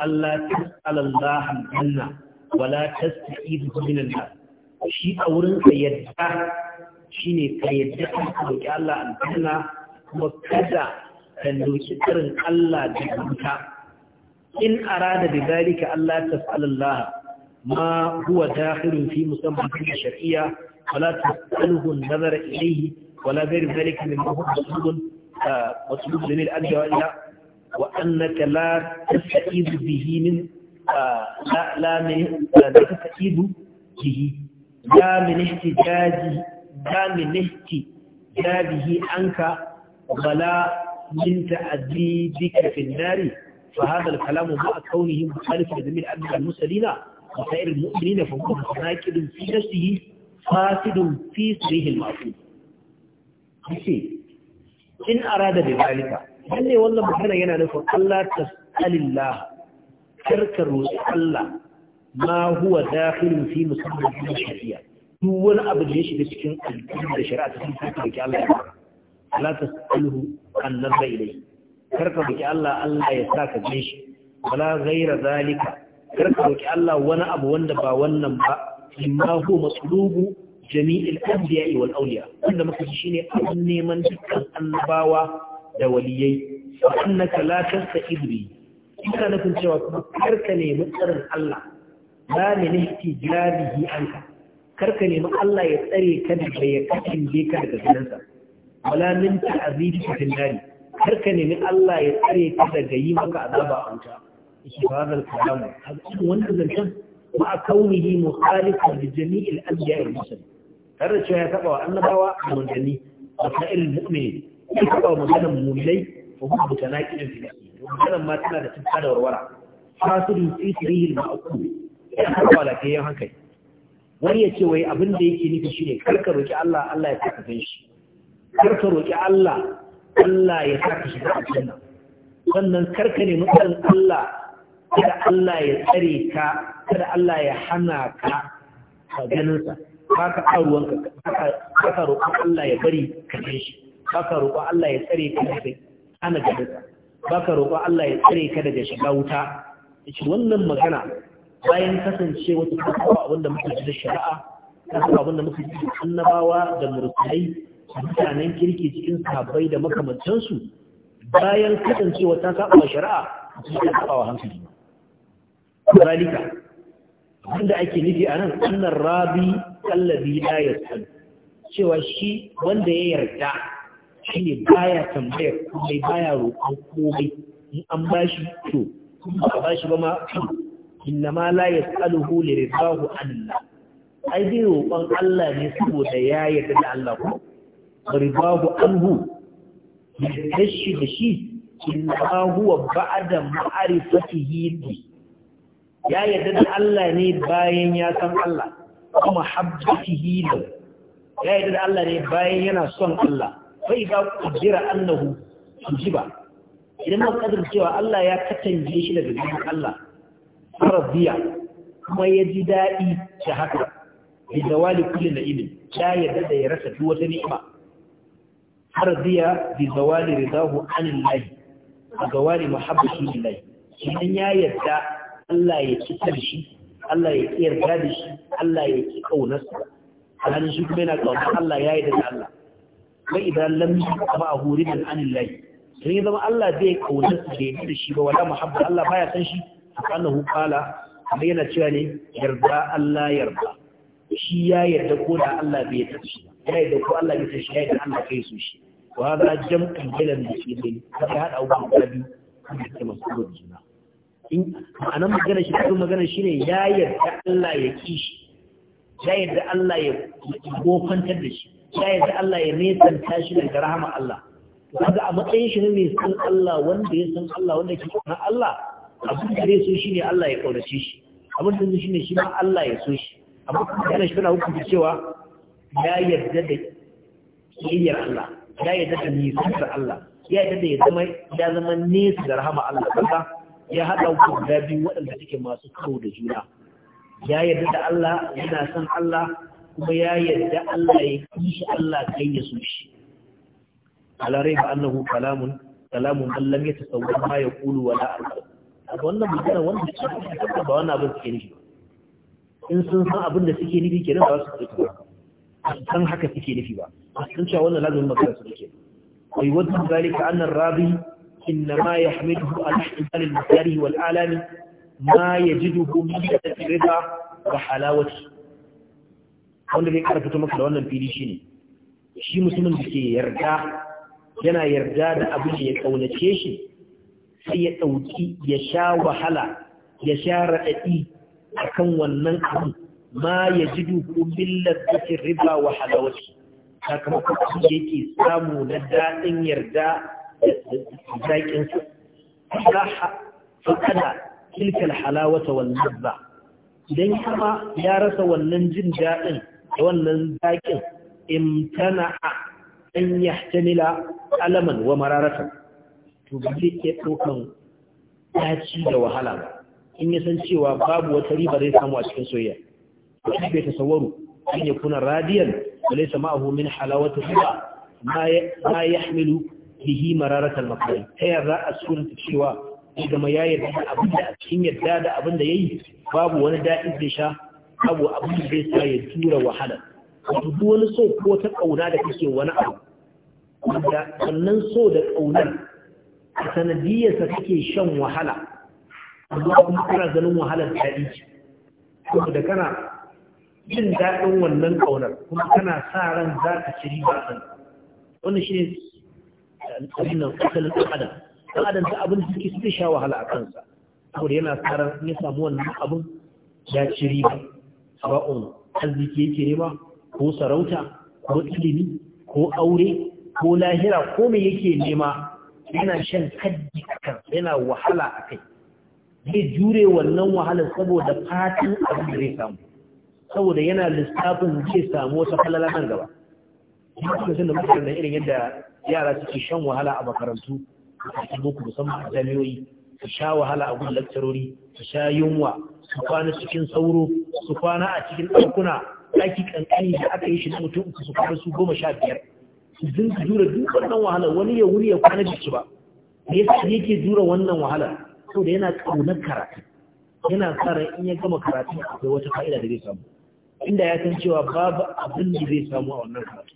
Allah tas'al Allah aljanna wala tasta'idhu min an shi a wurin sa yadda shine ka yadda roƙi Allah aljanna kuma kada ka roƙi irin Allah da wuta in arada da zalika Allah tas'alallah ma huwa dakhilun fi musamman shar'iyya wala tas'aluhu nazara ilayhi wala ghayr ajwa uh, wa annaka la bihi min uh, la la min la bihi la min ihtijaji daminihti jarihi anka bala min ta'adibika fi nari fa hada al-kalamu ma'a kaunihi mukhalifun da zamir abdul musalina wa sa'ir al-mu'minina fa huwa naqidun fi nafsihi fasidun fi sirrihi al-ma'qul kace in arada bi zalika lalle wannan magana yana nufin Allah tas'alillah karka roƙi Allah ma huwa dakhilun fi musamman shari'a duk wani abu da ya shiga cikin alƙalin da shari'a ta sun kuka roƙi Allah ya fara la tasaluhu an nazza ilayhi kar ka roƙi Allah Allah ya sa ka je shi wala gaira zalika kar ka roƙi Allah wani abu wanda ba wannan ba imma hu maslubu jami'il anbiya wal awliya wanda muka ji shine abun neman dukkan annabawa da waliyai wa annaka la tasta'id bi ina nufin cewa kuma ka nemi tsarin Allah la min ihtijarihi anka karka nemi Allah ya tsare ka daga ya kasance ka daga gidansa wala min ta'azibi fil nari karka nemi Allah ya tsare ka daga yi maka azaba a wuta shi ba zal kalam hadin wannan zancen ma kaunihi mukhalifan li jami'il anbiya wal mursalin tare cewa ya taba wa annabawa da manzanni da sa'il mu'mini ya taba wa maganan mulai ko kuma mutanaqidin fil maganan ma tana da tsada warwara fasirin fi sirri al-ma'qul ya taba lafiyar hankali wani ya ce wai abin da yake nufi shi ne karka roƙi Allah Allah ya saka kan shi karka roƙi Allah Allah ya saka shi da nan sannan karka nemi tsarin Allah kada Allah ya tsare ka kada Allah ya hana ka a ganin sa ba ka ruwanka ba ka Allah ya bari ka gan shi ba ka Allah ya tsare ka daga ana ganin sa ka Allah ya tsare ka daga shiga wuta wannan magana bayan kasance wata kasuwa abinda muka ji da shari'a kasuwa abinda muka ji da annabawa da a mutanen kirki cikin sabai da makamantansu bayan kasance wata kasuwa shari'a a ta kasuwa hankali hankali zalika wanda ake nufi a nan annan rabi kallabi la san cewa shi wanda ya yarda shi ne baya tambayar komai baya roƙon komai in an bashi to ba bashi ba ma inna ma la yas'aluhu li ridahu Allah ai dai roƙon Allah ne saboda ya yarda da Allah ko ridahu anhu dashi da shi inna huwa ba'da ma'rifatihi bi ya yarda da Allah ne bayan ya san Allah kuma habbatihi da ya yarda da Allah ne bayan yana son Allah fa idza qadira annahu tujiba idan mun kadir cewa Allah ya katange shi daga gidan Allah faradiya kuma ya ji daɗi da haka bi zawali kulli na'imin ya yarda da ya rasa duk wata ni'ima faradiya bi zawali ridahu anillahi a zawali muhabbati lillahi idan ya yarda Allah ya ci shi Allah ya ki yarda da shi Allah ya ki kaunarsa alhalin shi kuma yana kaunar Allah ya yarda da Allah wai idan lam yaba a hurin anillahi sai zama Allah zai da ya ƙi da shi ba wala muhabba Allah baya san shi subhanahu qala amma yana cewa ne yarda Allah yarda shi ya yarda ko da Allah bai yarda shi ya yarda ko Allah bai yarda ya yarda Allah kai su shi wa hada jam'un bainal muslimin ka hada abu guda biyu kuma ta masu juna in anan magana shi kuma magana shi ne, ya yarda Allah ya ki shi ya yarda Allah ya gofantar da shi ya yarda Allah ya nesanta shi daga rahama Allah kaga a matsayin shi ne mai san Allah wanda ya san Allah wanda ke san Allah abin da zai so shi ne Allah ya kaunace shi abin da shi ne shi ma Allah ya so shi amma kuma yana shi kana hukunta cewa ya yarda da kiyayyar Allah ya yarda da nisantar Allah ya yarda da ya zama ya zama nesa da rahama Allah kaga ya haɗa ku guda biyu waɗanda suke masu kawo da juna ya yarda da Allah yana son Allah kuma ya yarda Allah ya kishi Allah kai ya so shi ala raiba annahu kalamun kalamun man lam yatasawwar ma yaqulu wala alqawl a wannan magana wanda suke ba wannan abin suke nufi in sun san abin da suke nufi kenan ba su fito ba san haka suke nufi ba san cewa wannan lazumin magana su suke wai wadda zalika annar rabi إنما يحمله على احتمال المكاره والآلام ما يجده من ga وحلاوته wanda zai ƙara fito maka da wannan fili shi ne shi musulmin da ke yarda yana yarda da abin da ya ƙaunace shi sai ya ɗauki ya sha wahala ya sha raɗaɗi a kan wannan abu ma ya ji dukkan billar cikin riba wa halawaki sakamakon su yake samu na daɗin yarda da zaƙinsa fakada tilkal halawata wannan ba idan kama ya rasa wannan jin daɗin da wannan zaƙin imtana an yahtamila alaman wa mararatan to ba zai iya ɗaukan ɗaci da wahala ba in ya san cewa babu wata riba zai samu a cikin soyayya wani bai tasawwaru an ya kuna radiyan da laisa ma'ahu min halawatu riba ma ya hamilu bihi mararatal makari ta yaya za a suranta cewa ya ma ya yarda da abin da a cikin yarda da abin da ya yi babu wani dai da sha babu abin da zai sa ya tura wahala wato duk wani so ko ta ƙauna da kake wani abu wanda wannan so da ƙaunar a sanadiyarsa kake shan wahala amma kuma kana ganin wahalar daɗi ce saboda kana jin daɗin wannan ƙaunar kuma kana sa ran za ka ci riba ɗin wani shi ne nan asalin ɗan adam ɗan adam ta abin da suke suke sha wahala a kansa saboda yana sa ran ya samu wannan abin ya ci riba saba'un arziki yake nema ko sarauta ko ilimi ko aure ko lahira ko me yake nema yana shan kaddi a kan yana wahala a kai zai jure wannan wahalar saboda fatan abin da zai samu saboda yana lissafin zai samu wata falala nan gaba kuma da irin yadda yara suke shan wahala a makarantu a cikin boko musamman a jami'o'i su sha wahala a gudun lakcarori su sha yunwa su kwana cikin sauro su kwana a cikin ɗaukuna ɗaki ƙanƙani da aka yi shi na mutum su kwana su goma sha biyar sun jura duk wannan wahala wani ya wuri ya kwana jiki ba da yasa yake jura wannan wahala saboda yana kaunar karatu yana tsara in ya gama karatu akwai wata fa'ida da zai samu inda ya san cewa babu abin da zai samu a wannan karatu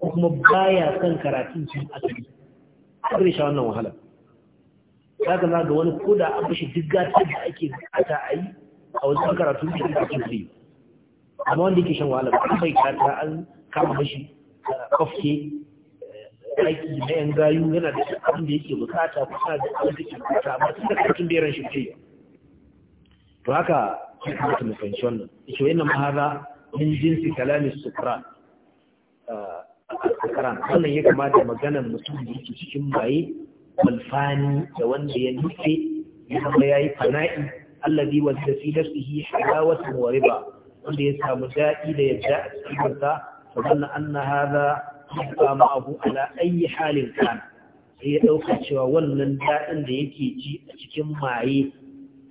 ko kuma baya son karatun sun asali har zai sha wannan wahala za ka zaga wani ko da an bashi duk gatar da ake bukata a yi a wasu karatu da ake yi amma wanda yake shan wahala ba bai ta an kama mashi kafke eh, aiki na yan gayu yana da abin da yake bukata kusa da abin da bukata amma tun da karfin beran shi ce to haka ya kuma ta mafanci wannan ishe wani mahaza min jinsi kalamin a eh, sukran wannan ya kamata maganar mutum da yake cikin maye malfani da wanda ya nufe ya zama ya yi fana'i allazi wanda fi nafsihi halawatan wa riba wanda ya samu daɗi da yadda a cikin sa فظن أن هذا يبقى معه على أي حال كان sai ya ɗauka cewa wannan daɗin da yake ji a cikin maye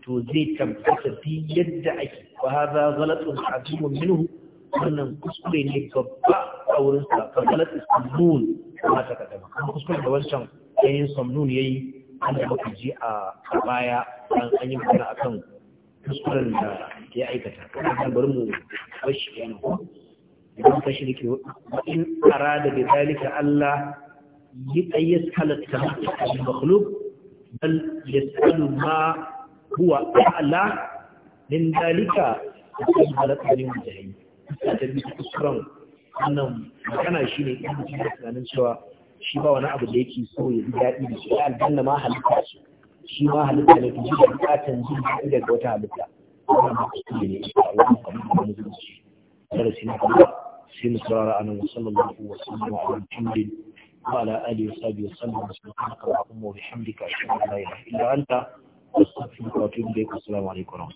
to zai tabbata fi yadda ake ba haza galatun azumin minhu wannan kuskure ne babba a wurin sa ka galatun samnun ba ta kadama kuma kuskure da wancan yayin samnun yayi an da muka ji a baya an an yi a kan kuskuren da ya aikata kuma bari mu bashi yana idan ka shirke in arada bi dalika Allah يسأل التمتع بالمخلوق بل يسأل ما هو أعلى من ذلك يكون على تعليم الجاهل تبيت أسرم أنهم كان شيء يمكن أن نسوى shi ba wani abu da yake so ya ji daɗi da shi ma halitta shi shi ma halitta ne ji da bukatan jin daɗi daga wata halitta wannan ne su ne a wani kamar da wani zuci darasi na kamar sai mu saurara anan wa sallallahu wa sallam ala muhammadin wa ala alihi wa sahbihi wa sallam subhanaka allahumma wa bihamdika ashhadu an la ilaha illa anta astaghfiruka